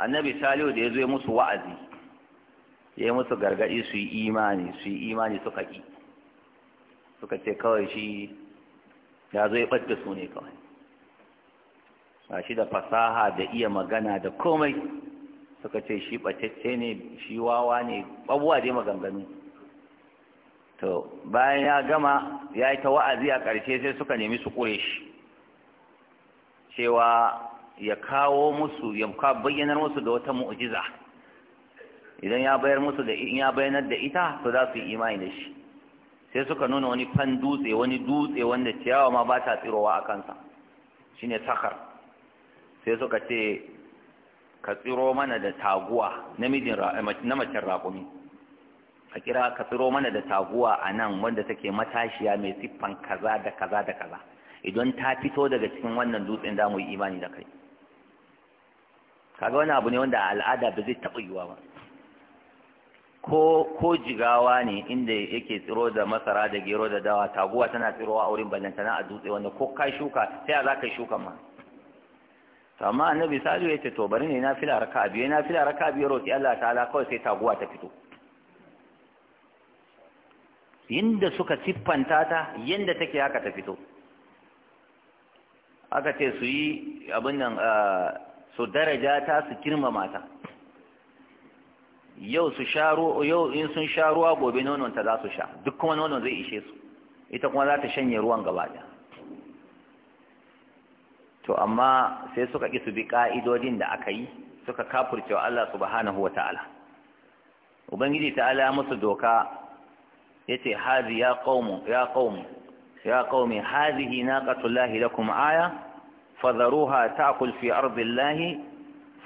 annabi salihu da ya zo musu wa'azi ya yi musu gargaɗi su yi imani su yi imani suka ƙi suka ce kawai shi ya zo ya ɓadda su ne kawai ba shi da fasaha da iya magana da komai suka ce shi ɓatacce ne shi wawa ne abubuwa dai maganganu to bayan ya gama ya yi ta wa'azi a ƙarshe sai suka nemi su ƙure shi cewa ya kawo musu ya bayyanar musu da wata mu'jiza idan ya bayar musu da in ya bayanar da ita to za su yi imani da shi sai suka nuna wani fan dutse wani dutse wanda ciyawa ma ba ta tsirowa a kansa shine sakar sai suka ce ka tsiro mana da taguwa namijin eh, na macen raƙumi a kira ka tsiro mana da taguwa a nan wanda take matashiya mai siffan kaza da kaza da kaza idan ta fito daga cikin wannan dutsen za mu yi imani da kai kaga wani abu ne wanda a al'ada ba zai taɓa yiwuwa ba ko ko jigawa ne inda yake tsiro da masara da gero da dawa taguwa tana tsirowa a wurin ballantana a dutse wanda ko ka shuka sai a za ka shuka ma to amma annabi salihu ya ce to bari ne nafila raka'a biyu nafila raka biyu roki Allah ta'ala kawai sai taguwa ta fito inda suka siffanta ta yanda take haka ta fito aka ce su yi abin nan su daraja ta su girmama ta yau su sharo yau in sun sha ruwa gobe nonon ta za su sha duk kuma nonon zai ishe su ita kuma za ta shanye ruwan gaba daya to amma sai suka ƙi su bi ƙa'idodin da aka yi suka wa Allah subhanahu wa ta'ala ubangiji ta'ala musu doka ce hazi ya qaumu ya qaumu ya qaumi hazihi da kuma aya fadharuha ta'kul fi ardillahi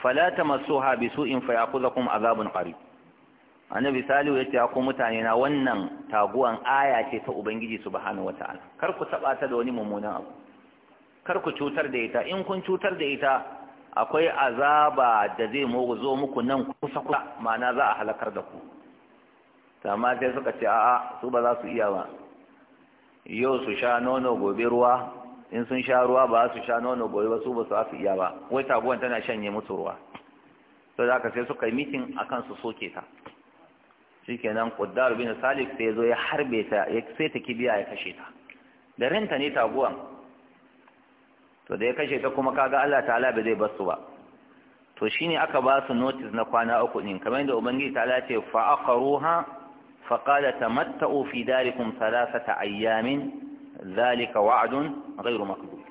fala tamassuha bisu'in fayakhudhukum adhabun qarib annabi salihu yace ku mutane na wannan taguwan aya ce ta ubangiji subhanahu wa ta'ala kar ku taɓa ta da wani mummunan abu kar ku cutar da ita in kun cutar da ita akwai azaba da zai zo muku nan kusa kusa ma'ana za a halakar da ku amma sai suka ce a'a su ba za su iya ba yau su sha nono gobe ruwa in sun sha ruwa ba su sha nono gobe ba su ba su su iya ba wai taguwan tana shanye musu ruwa to da aka sai suka yi mitin akan su soke ta kenan kuddar bin salik sai zo ya harbe ta ya sai ta kibiya ya kashe ta da ranta ne taguwan to da ya kashe ta kuma kaga Allah ta'ala ba zai bar su ba to shine aka ba su notice na kwana uku din kamar yadda ubangiji ta'ala ce fa aqruha fa qala tamattu fi darikum thalathata ayyamin zalika wa'dun ghayru makdud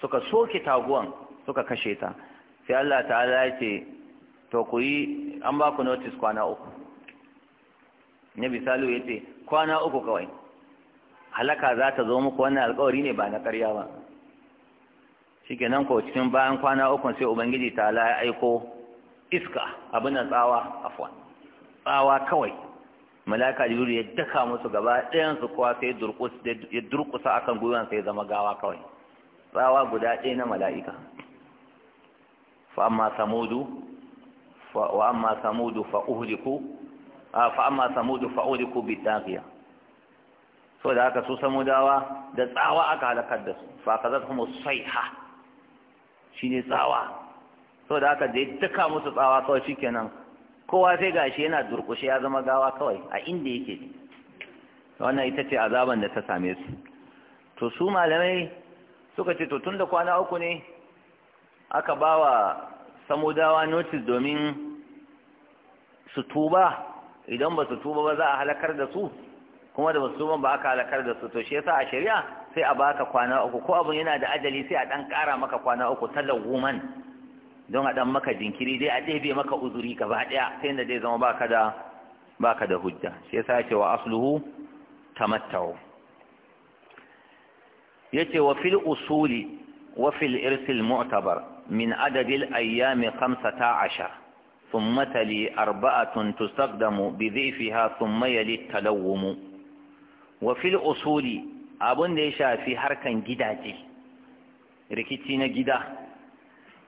suka soke taguwan suka kashe ta sai Allah ta'ala ya ce to ku yi an ba ku notice kwana uku nabi salu ya ce kwana uku kawai halaka za ta zo muku wannan alƙawari ne ba na ƙarya ba nan ko cikin bayan kwana uku sai ubangiji ta ala ya aiko iska abin nan tsawa afwan tsawa kawai malaka jibril ya daka musu gaba ɗayan su kowa sai ya durƙusa akan gwiwan sai zama gawa kawai tsawa guda ɗaya na mala'ika fa amma samudu wa amma samudu fa uhliku fa amma samudu fa uhliku bidaghiya so da haka su samudawa da tsawa aka halakar da su fa kazat humus sayha Shi ne tsawa saboda haka aka zai taka musu tsawa kawai kenan kowa sai gashi yana durkushe ya zama gawa kawai a inda yake wannan ita ce azaban da ta same su to su malamai suka ce to tun da kwana uku ne aka bawa samudawa notis domin su tuba idan ba su tuba ba za a halakar da su kuma da ba su tuba ba aka halakar da su to shi yasa a shari'a sai a baka kwana uku ko abun yana da ajali sai a dan kara maka kwana uku man don a dan maka jinkiri dai a ɗebe maka uzuri gaba daya sai inda dai zama baka da baka da hujja shi yasa yake wa asluhu tamattau yace wa fil usuli wa fil irsil mu'tabar min adadil ayyami 15 ثم تلي أربعة تستخدم بذيفها ثم يلي التلوم وفي الأصول abun da ya shafi harkan gidaje rikici na gida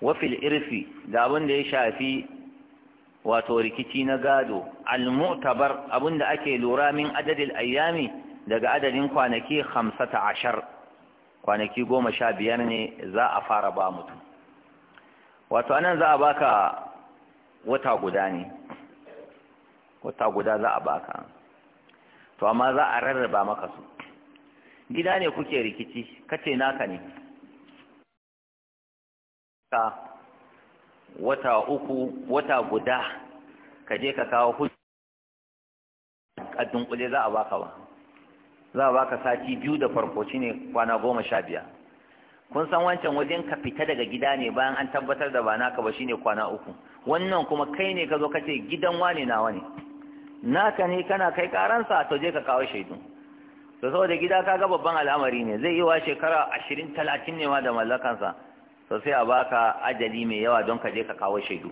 wafil irfi da abun da ya shafi wato rikici na gado al-mu'tabar abun da ake lura min adadin ayyami daga adadin kwanaki hamsata ashar kwanaki goma sha biyar ne za a fara ba mutum wato anan za a baka wata guda ne wata guda za a baka to amma za a rarraba maka su gida ne kuke rikici kace naka ne ka wata uku wata guda ka je ka kawo hujja a dunkule za a baka ba za a baka sati biyu da farko shine kwana goma sha biyar kun san wancan wajen ka fita daga gida ne bayan an tabbatar da ba naka ba shine kwana uku wannan kuma kai ne ka zo ka ce gidan wane nawa ne naka ne kana kai karansa to je ka kawo shaidu to saboda gida kaga babban al'amari ne zai yi wa shekara ashirin talatin ne ma da mallakansa to sai a baka ajali mai yawa don ka je ka kawo shaidu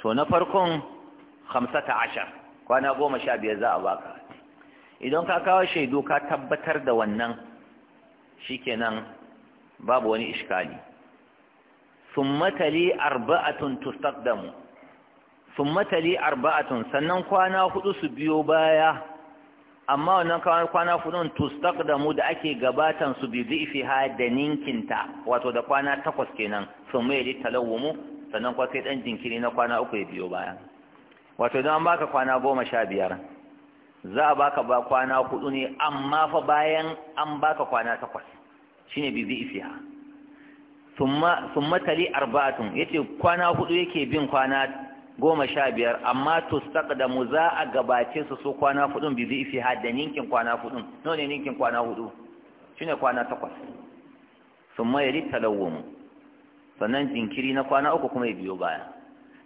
to na farkon hamsata ashar kwana goma sha biyar za a baka idan ka kawo shaidu ka tabbatar da wannan shikenan babu wani iskali sun matali arba'atun tustaqdamu sun matali arba'atun sannan kwana hudu su biyo baya amma wannan kwana hudun stock da mu da ake gabatan su bi ha da ninkinta wato da kwana takwas kenan sun mai li talawumu sannan kwa sai dan jinkiri na kwana uku ya biyo baya wato idan an baka kwana goma sha biyar za a baka ba kwana hudu ne amma fa bayan an baka kwana takwas shine bi ha summa summa tali arba'atun yace kwana hudu yake bin kwana goma sha biyar amma da mu za a gabace su su kwana hudun bi zai fi ninkin kwana hudun Nawa ne ninkin kwana hudu ne kwana takwas sun mai ri mu. sannan jinkiri na kwana uku kuma ya biyo baya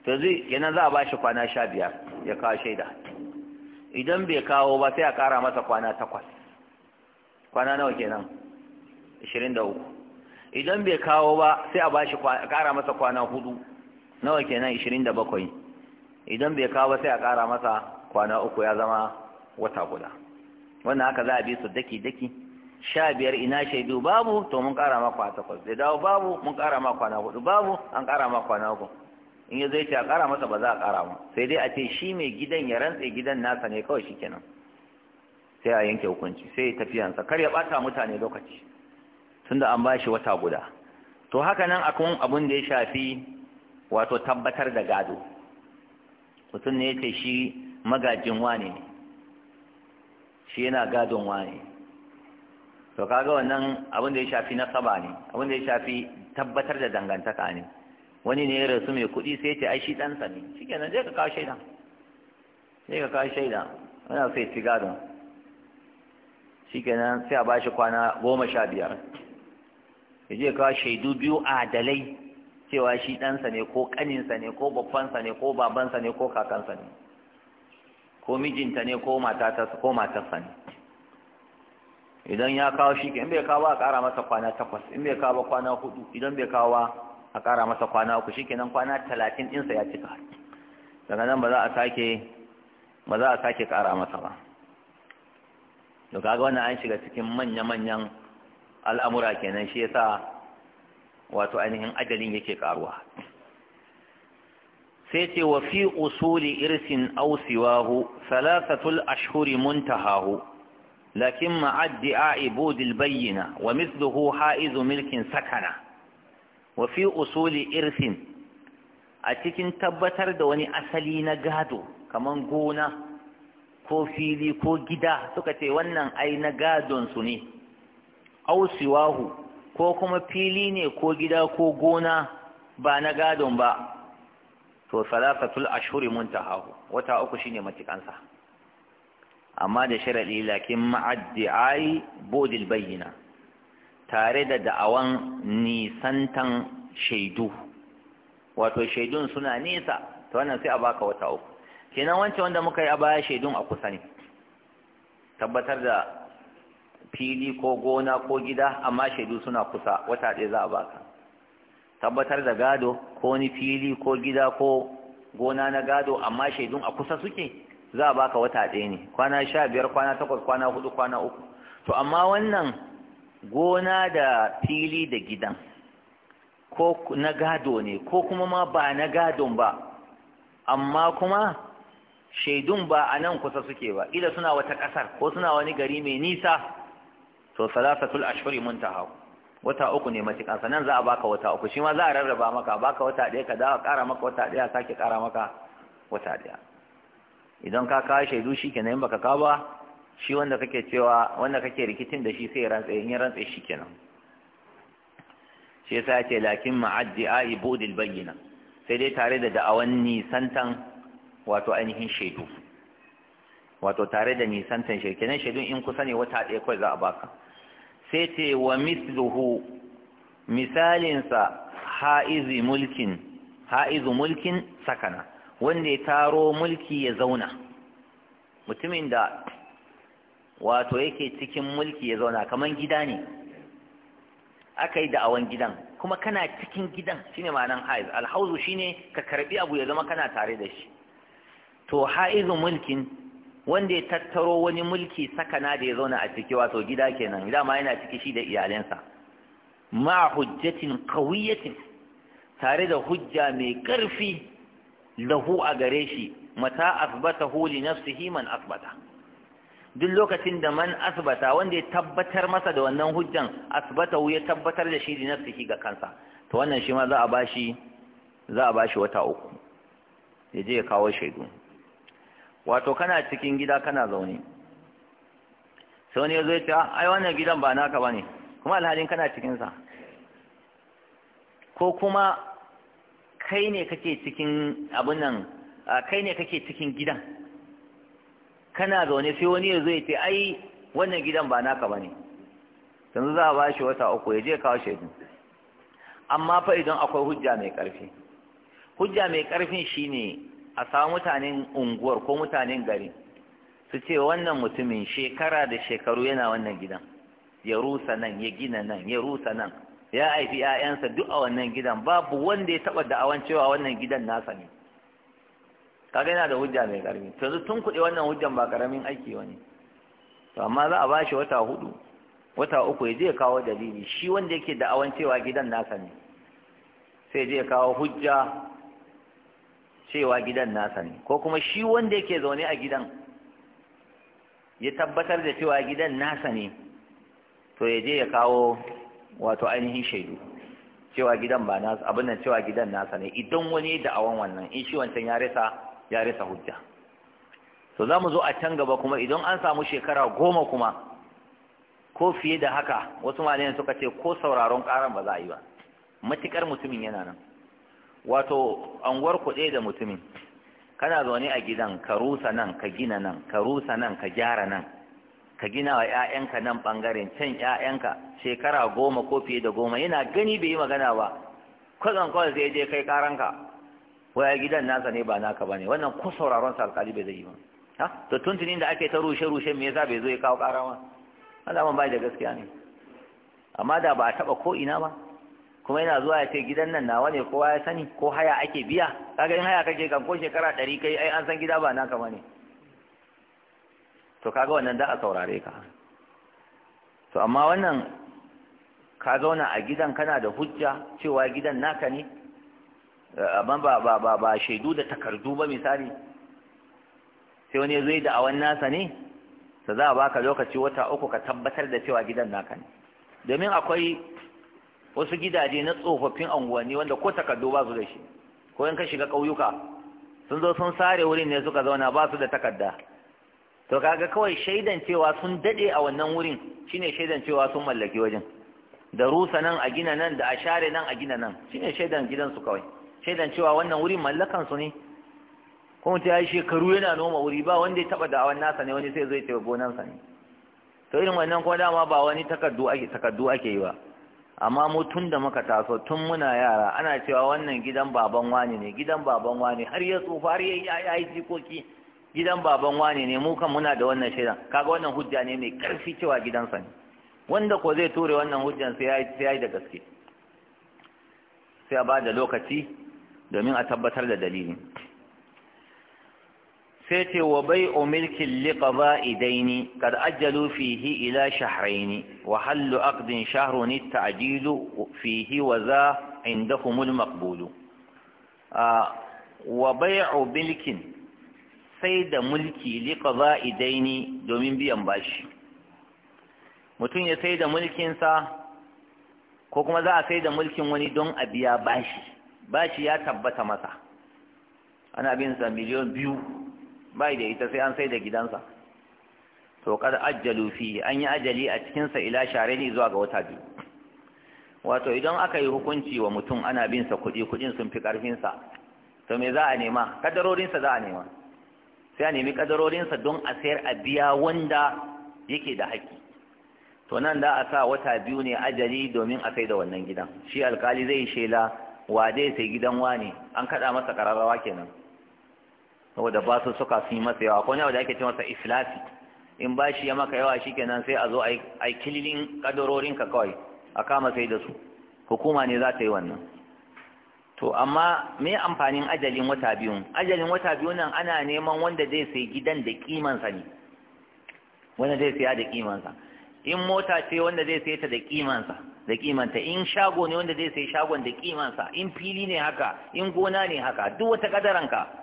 to zai yana za a ba shi kwana sha biyar ya kawo shaida idan bai kawo ba sai a kara masa kwana takwas kwana nawa kenan ashirin da uku idan bai kawo ba sai a ba shi kara masa kwana hudu nawa kenan ishirin da bakwai idan bai kawo sai a ƙara masa kwana uku ya zama wata guda wannan haka za a bi su daki daki sha biyar ina shaidu babu to mun ƙara ma kwana takwas zai dawo babu mun ƙara ma kwana hudu babu an ƙara ma kwana uku in ya zai ce a ƙara masa ba za a ƙara ma sai dai a ce shi mai gidan ya rantse gidan nasa ne kawai shi kenan sai a yanke hukunci sai ya tafiyansa kar ya ɓata mutane lokaci tunda an bashi wata guda to haka nan akwai abun da ya shafi wato tabbatar da gado mutum ne yake shi magajin wane ne shi yana gadon wane to kaga wannan abin da ya shafi nasaba ne abin da ya shafi tabbatar da dangantaka ne wani ne ya rasu mai kuɗi sai ce ai shi ɗansa ne shi kenan zai ka kawo shaida zai ka kawo shaida ana sai ci gadon shi kenan sai a bashi kwana goma sha biyar ya je kawo shaidu biyu adalai cewa shi ɗansa ne ko ƙaninsa ne ko babbansa ne ko babansa ne ko kakansa ne ko mijinta ne ko matarsa ko matarsa ne idan ya kawo shi ke in bai kawo a ƙara masa kwana takwas in bai kawo kwana hudu idan bai kawo a ƙara masa kwana uku shi kenan kwana talatin ɗinsa ya cika daga nan ba za a sake ba za a sake ƙara masa ba to kaga wannan an shiga cikin manya-manyan al'amura kenan shi yasa wato ainihin ajalin yake karuwa sai ce wa fi usuli irsin ausiwahu siwahu ashhuri muntahahu lakin ma'addi a'ibudil bayyina wa misluhu haizu milkin sakana wa fi usuli irsin a cikin tabbatar da wani asali na gado kaman gona ko fili ko gida suka ce wannan ai na gadon su ne ausiwahu. ko kuma fili ne ko gida ko gona ba na gadon ba to salafatul ashhuri muntahahu wata uku shine matikansa amma da sharadi lakin ma'addi'ai bodil bayyana. tare da da'awan nisantan shaidu wato shaidun suna nesa to wannan sai a baka wata uku kenan wancan wanda muka yi a baya shaidun a kusa ne tabbatar da fili ko gona ko gida amma shaidu suna kusa wata ɗaya za a baka tabbatar da gado ko ni fili ko gida ko gona na gado amma shaidun a kusa suke za a baka wata ɗaya ne kwana sha biyar kwana takwas kwana hudu kwana uku to amma wannan gona da fili da gidan ko na gado ne ko kuma ma ba na gado ba amma kuma shaidun ba a nan kusa suke ba ila suna wata ƙasar ko suna wani gari mai nisa to salasatul ashhuri muntaha wata uku ne matikan sanan za a baka wata uku shi ma za a rarraba maka baka wata ɗaya ka dawo ƙara maka wata ɗaya sake ƙara maka wata ɗaya idan ka kawo shaidu shi kenan baka kawo ba shi wanda kake cewa wanda kake rikitin da shi sai rantsa in rantsa shi kenan shi yasa yace lakin ma'addi ai budil bayyina sai dai tare da da'awan nisantan wato ainihin shaidu wato tare da nisantan shaidu kenan shaidun in kusa ne wata ɗaya kawai za a baka sai ce wa misluhu misalinsa ha'izu mulkin ha'izu mulkin sakana wanda ya taro mulki ya zauna mutumin da wato yake cikin mulki ya zauna kaman gida ne aka yi da'awan gidan kuma kana cikin gidan shine ma'anan haiz alhauzu shine ka karbi abu ya zama kana tare da shi to haizu mulkin wanda ya tattaro wani mulki sakana da ya zauna a ciki wato gida kenan dama yana ciki shi da iyalansa ma hujjatin qawiyatin tare da hujja mai ƙarfi lahu a gare shi mata asbatahu li nafsihi man asbata duk lokacin da man asbata wanda ya tabbatar masa da wannan hujjan asbata ya tabbatar da shi li nafsihi ga kansa to wannan shi ma za a bashi za a bashi wata uku ya je ya kawo shaidu wato kana cikin gida kana zaune sai wani ya zo ya ce ah, ai wannan gidan ba naka ba ne kuma alhalin kana cikinsa ko kuma kai ne kake cikin abun nan kai ne kake cikin gidan kana zaune sai wani ya zo ya ce ai wannan gidan ba naka ba ne yanzu za a ba shi wata uku ya je kawo shaidu amma fa idan akwai hujja mai ƙarfi hujja mai ƙarfin shine a samu mutanen unguwar ko mutanen gari su ce wannan mutumin shekara da shekaru yana wannan gidan ya rusa nan ya gina nan ya rusa nan ya haifi 'ya'yansa duk a wannan gidan babu wanda ya taɓa da'awan cewa wannan gidan nasa ne kaga yana da hujja mai ƙarfi to yanzu tun kuɗi wannan hujjan ba ƙaramin aiki ne. to amma za a ba shi wata hudu wata uku ya je ya kawo dalili shi wanda yake da'awan cewa gidan nasa ne sai je ya kawo hujja cewa gidan nasa ne ko kuma shi wanda yake zaune a gidan ya tabbatar da cewa gidan nasa ne to ya je ya kawo wato ainihin shaidu cewa gidan ba nasa abin nan cewa gidan nasa ne idan wani da awan wannan in shi wancan ya rasa ya rasa hujja to za zo a can gaba kuma idan an samu shekara goma kuma ko fiye da haka wasu malayan suka ce ko sauraron karan ba za a yi ba matukar mutumin yana nan wato anguwar kuɗe da mutumin kana zaune a gidan ka rusa nan ka gina nan ka rusa nan ka gyara nan ka gina wa 'ya'yanka nan ɓangaren can 'ya'yanka shekara goma ko fiye da goma yana gani bai yi magana ba kwazan kawai zai je kai karanka waya gidan nasa ne ba naka ba ne wannan ko sauraron sa alkali bai zai yi ba ha to tuntunin da ake ta rushe rushe me yasa bai zo ya kawo ƙara ma ba da gaskiya ne amma da ba a taɓa ko ina ba kuma yana zuwa ya ce gidan nan nawa ne kowa ya sani ko haya ake biya kaga in haya kake kan ko shekara ɗari kai ai an san gida ba naka ne to kaga wannan da a saurare ka to amma wannan ka zauna a gidan kana da hujja cewa gidan naka ne amma ba ba ba ba shaidu da takardu ba misali sai wani zai da awan nasa ne to za a baka lokaci wata uku ka tabbatar da cewa gidan naka ne domin akwai wasu gidaje na tsofaffin anguwanni wanda ko takardu ba su da shi ko in ka shiga ƙauyuka sun zo sun sare wurin ne suka zauna ba su da takarda to kaga kawai shaidan cewa sun dade a wannan wurin shine shaidan cewa sun mallaki wajen da rusa nan a gina nan da a share nan a gina nan shine shaidan gidansu kawai shaidan cewa wannan wurin mallakan su ne kuma ta yi shekaru yana noma wuri ba wanda ya taba da'awar nasa ne wani sai zai ce gonansa ne to irin wannan ko dama ba wani takardu ake takardu ake yi ba amma mu tun da muka taso tun muna yara ana cewa wannan gidan baban wani ne gidan baban wani har ya tsufa har ya yi jikoki gidan baban wani ne mu kan muna da wannan shaidan kaga wannan hujja ne mai karfi cewa gidansa ne wanda ko zai ture wannan hujjan sai ya yi da gaske sai a ba da lokaci domin a tabbatar da dalilin sai ce wa bai liƙa ba idaini kad ajalu fihi ila shahraini wa hallu aqdin shahruni ta'jilu fihi wa za kumul maqbulu wa o milkin sai da mulki liƙa ba idaini domin biyan bashi mutum ya sai da mulkinsa ko kuma za a sai da mulkin wani don a biya bashi bashi ya tabbata masa ana bin sa miliyon biyu bai da ita sai an sai da gidansa to kada ajjalu fi an yi ajali a cikinsa ila share zuwa ga wata biyu wato idan aka yi hukunci wa mutum ana bin sa kuɗi kuɗin sun fi ƙarfinsa to me za a nema Ƙadarorinsa za a nema sai a nemi ƙadarorinsa don a sayar a biya wanda yake da haƙƙi to nan da a sa wata biyu ne ajali domin a sai da wannan gidan shi alkali zai shela wa dai sai gidan wane an kaɗa masa ƙararrawa kenan saboda ba su suka fi masa yawa akwai ne da ake ce masa iflasi in ba shi ya maka yawa shi kenan sai a zo a yi kililin kadarorin ka kawai a kama sai da su hukuma ne za ta yi wannan to amma me amfanin ajalin wata biyun ajalin wata biyun nan ana neman wanda zai sai gidan da kimansa ne wanda zai saya da kimansa in mota ce wanda zai sai ta da kimansa da kimanta in shago ne wanda zai sai shagon da kimansa in fili ne haka in gona ne haka duk wata kadaranka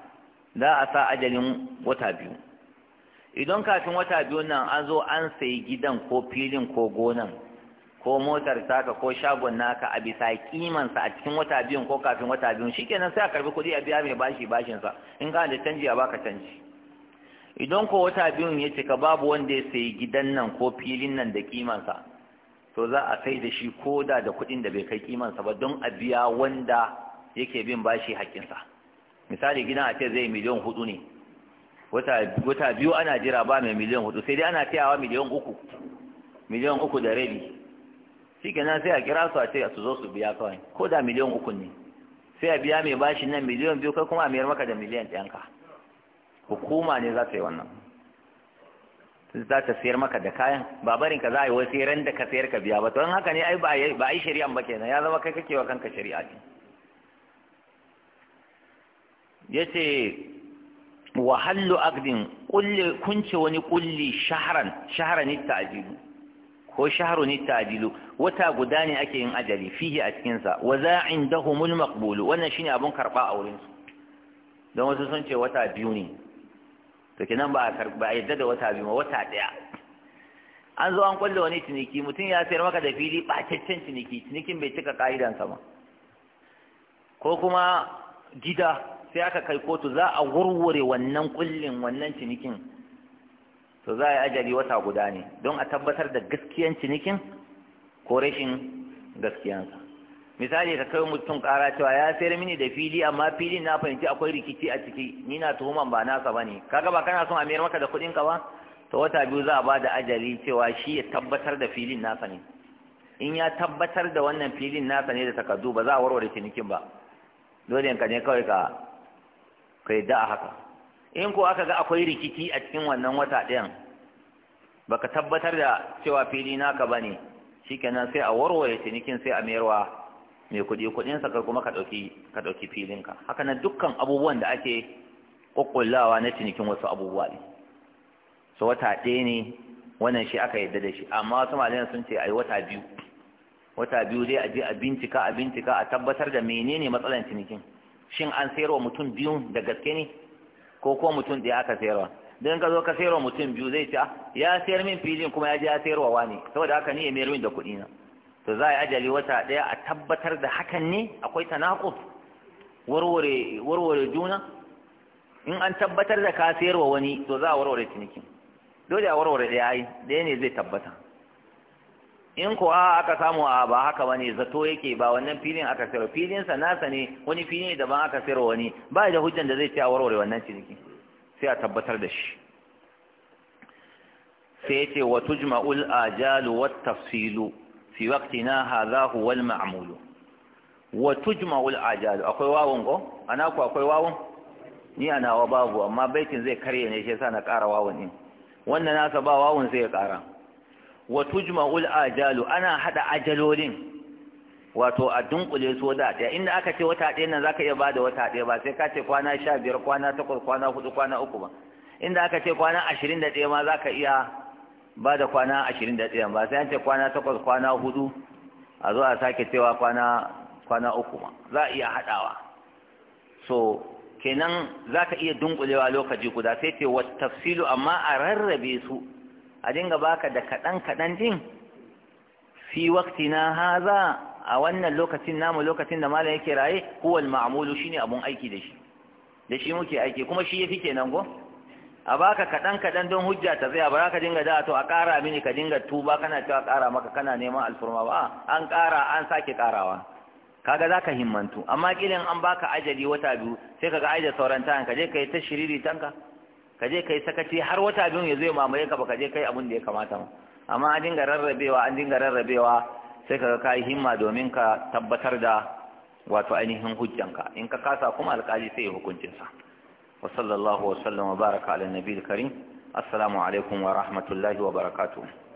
za a sa ajalin wata biyu idan kafin wata biyu nan an zo an sayi gidan ko filin ko gonan ko motar taka ko shagon naka a bisa kimansa a cikin wata biyun ko kafin wata biyun shikenan sai a karbi kuɗi a biya mai bashi bashinsa in ka da canji a baka canji idan ko wata biyun ya cika babu wanda ya sayi gidan nan ko filin nan da kimansa to za a sai da shi ko da kuɗin da bai kai kimansa ba don a biya wanda yake bin bashi haƙƙinsa. misali gidan a ce zai miliyan hudu ne wata biyu ana jira ba mai miliyan hudu sai dai ana cewa miliyan uku miliyan uku da rabi shi kenan sai a kira su a ce su zo su biya kawai ko da miliyan uku ne sai a biya mai bashi nan miliyan biyu kai kuma a mayar maka da miliyan ɗayanka hukuma ne za ta yi wannan za ta sayar maka da kayan ba barin ka za a yi wasu ran da ka sayar ka biya ba to in haka ne ai ba a yi shari'an ba kenan ya zama kai kake wa kanka shari'a ce Ya wa hallu aqdin kunce wani kulli shahran shahran ta'jilu ko shahrun ta'jilu wata guda ne ake yin ajali fihi a cikinsa wa za a inda za'indahumul makbulu wannan shi ne abun karɓa a wurin su don wasu sun ce wata biyu ne to nan ba a yadda da wata biyu ma wata ɗaya an zo an kulle wani ciniki mutum ya sayar maka da fili ɓataccen ciniki cinikin bai cika ka'idansa ba ko kuma gida sai aka kai kotu za a wurwure wannan kullin wannan cinikin to za a yi ajali wata guda ne don a tabbatar da gaskiyan cinikin ko rashin gaskiyansa misali ka kai mutum kara cewa ya sayar mini da fili amma filin na fahimci akwai rikici a ciki ni na tuhuman ba nasa bane kaga ba kana son a mayar maka da kuɗin ka ba to wata biyu za a ba da ajali cewa shi ya tabbatar da filin nasa ne in ya tabbatar da wannan filin nasa ne da takardu ba za a warware cinikin ba dole ka ne kawai ka ka yadda a haka in ko aka ga akwai rikici a cikin wannan wata ɗayan baka tabbatar da cewa fili naka ba ne, shi shikenan sai a warware cinikin sai a mayarwa mai kuɗi kuɗinsa ka kuma ka ɗauki ka filinka haka na dukkan abubuwan da ake ƙwaƙwallawa na cinikin wasu abubuwa ne so wata ɗaya ne wannan shi aka yadda da shi amma wasu malayan sun ce ai wata biyu wata biyu dai a je a bincika a bincika a tabbatar da menene matsalar cinikin shin an sayarwa mutum biyu da gaske ne ko ko mutum da aka sayarwa don ka zo ka sayarwa mutum biyu zai ce ah, ya sayar min filin kuma ya je ya sayarwa wani saboda haka ni ya mayar min da kuɗi na to za a yi ajali wata ɗaya a tabbatar da hakan ne akwai ta warware warware juna in an tabbatar da ka sayarwa wani to za a warware cinikin dole a warware ɗaya ai ɗaya ne zai tabbata in ko a aka samu a ba haka bane zato yake ba wannan filin aka sayar filin sa nasa ne wani fili ne daban aka sayar wani ba da hujjan da zai ci a warware wannan ciniki sai a tabbatar da shi sai ce wa tujma'ul ajalu wat tafsilu fi waqtina hadha huwa al ma'mulu wa tujma'ul ajalu akwai wawun ko ana ku akwai wawun ni ana wa babu amma baitin zai karye ne shi yasa na ƙara wawun din wannan nasa ba wawun sai ya ƙara wa ul ajalu ana hada ajalolin wato a dunkule su da ɗaya inda aka ce wata ɗaya nan zaka iya bada wata ɗaya ba sai ka ce kwana sha biyar kwana takwas kwana hudu kwana uku ba inda aka ce kwana ashirin da ɗaya ma zaka iya bada kwana ashirin da ɗaya ba sai an ce kwana takwas kwana hudu a zo a sake cewa kwana kwana uku ma za a iya haɗawa so kenan zaka iya dunkulewa lokaci guda sai ce wa tafsilu amma a rarrabe su a dinga baka da kaɗan kaɗan din fi na haza a wannan lokacin namu lokacin da malam yake raye huwal ma'mulu shine abun aiki da shi da shi muke aiki kuma shi yafi kenan go a baka kaɗan kaɗan don hujja ta tsaya ba ka dinga da to a ƙara mini ka dinga tuba kana cewa ƙara maka kana neman alfurma ba an ƙara an sake ƙarawa kaga zaka himmantu amma kilin an baka ajali wata biyu sai kaga ai sauran tayan ka je kai ta shiriri tanka ka je kai sakaci har wata biyun ya zo ya mamaye ka baka je kai abin da ya kamata ba amma an dinga rarrabewa an dinga rarrabewa sai ka ka yi himma domin ka tabbatar da wato ainihin hujjanka in ka kasa kuma alkali sai ya hukuncin sa wa sallallahu wa sallama baraka ala nabiyil karim assalamu alaikum wa rahmatullahi wa barakatuh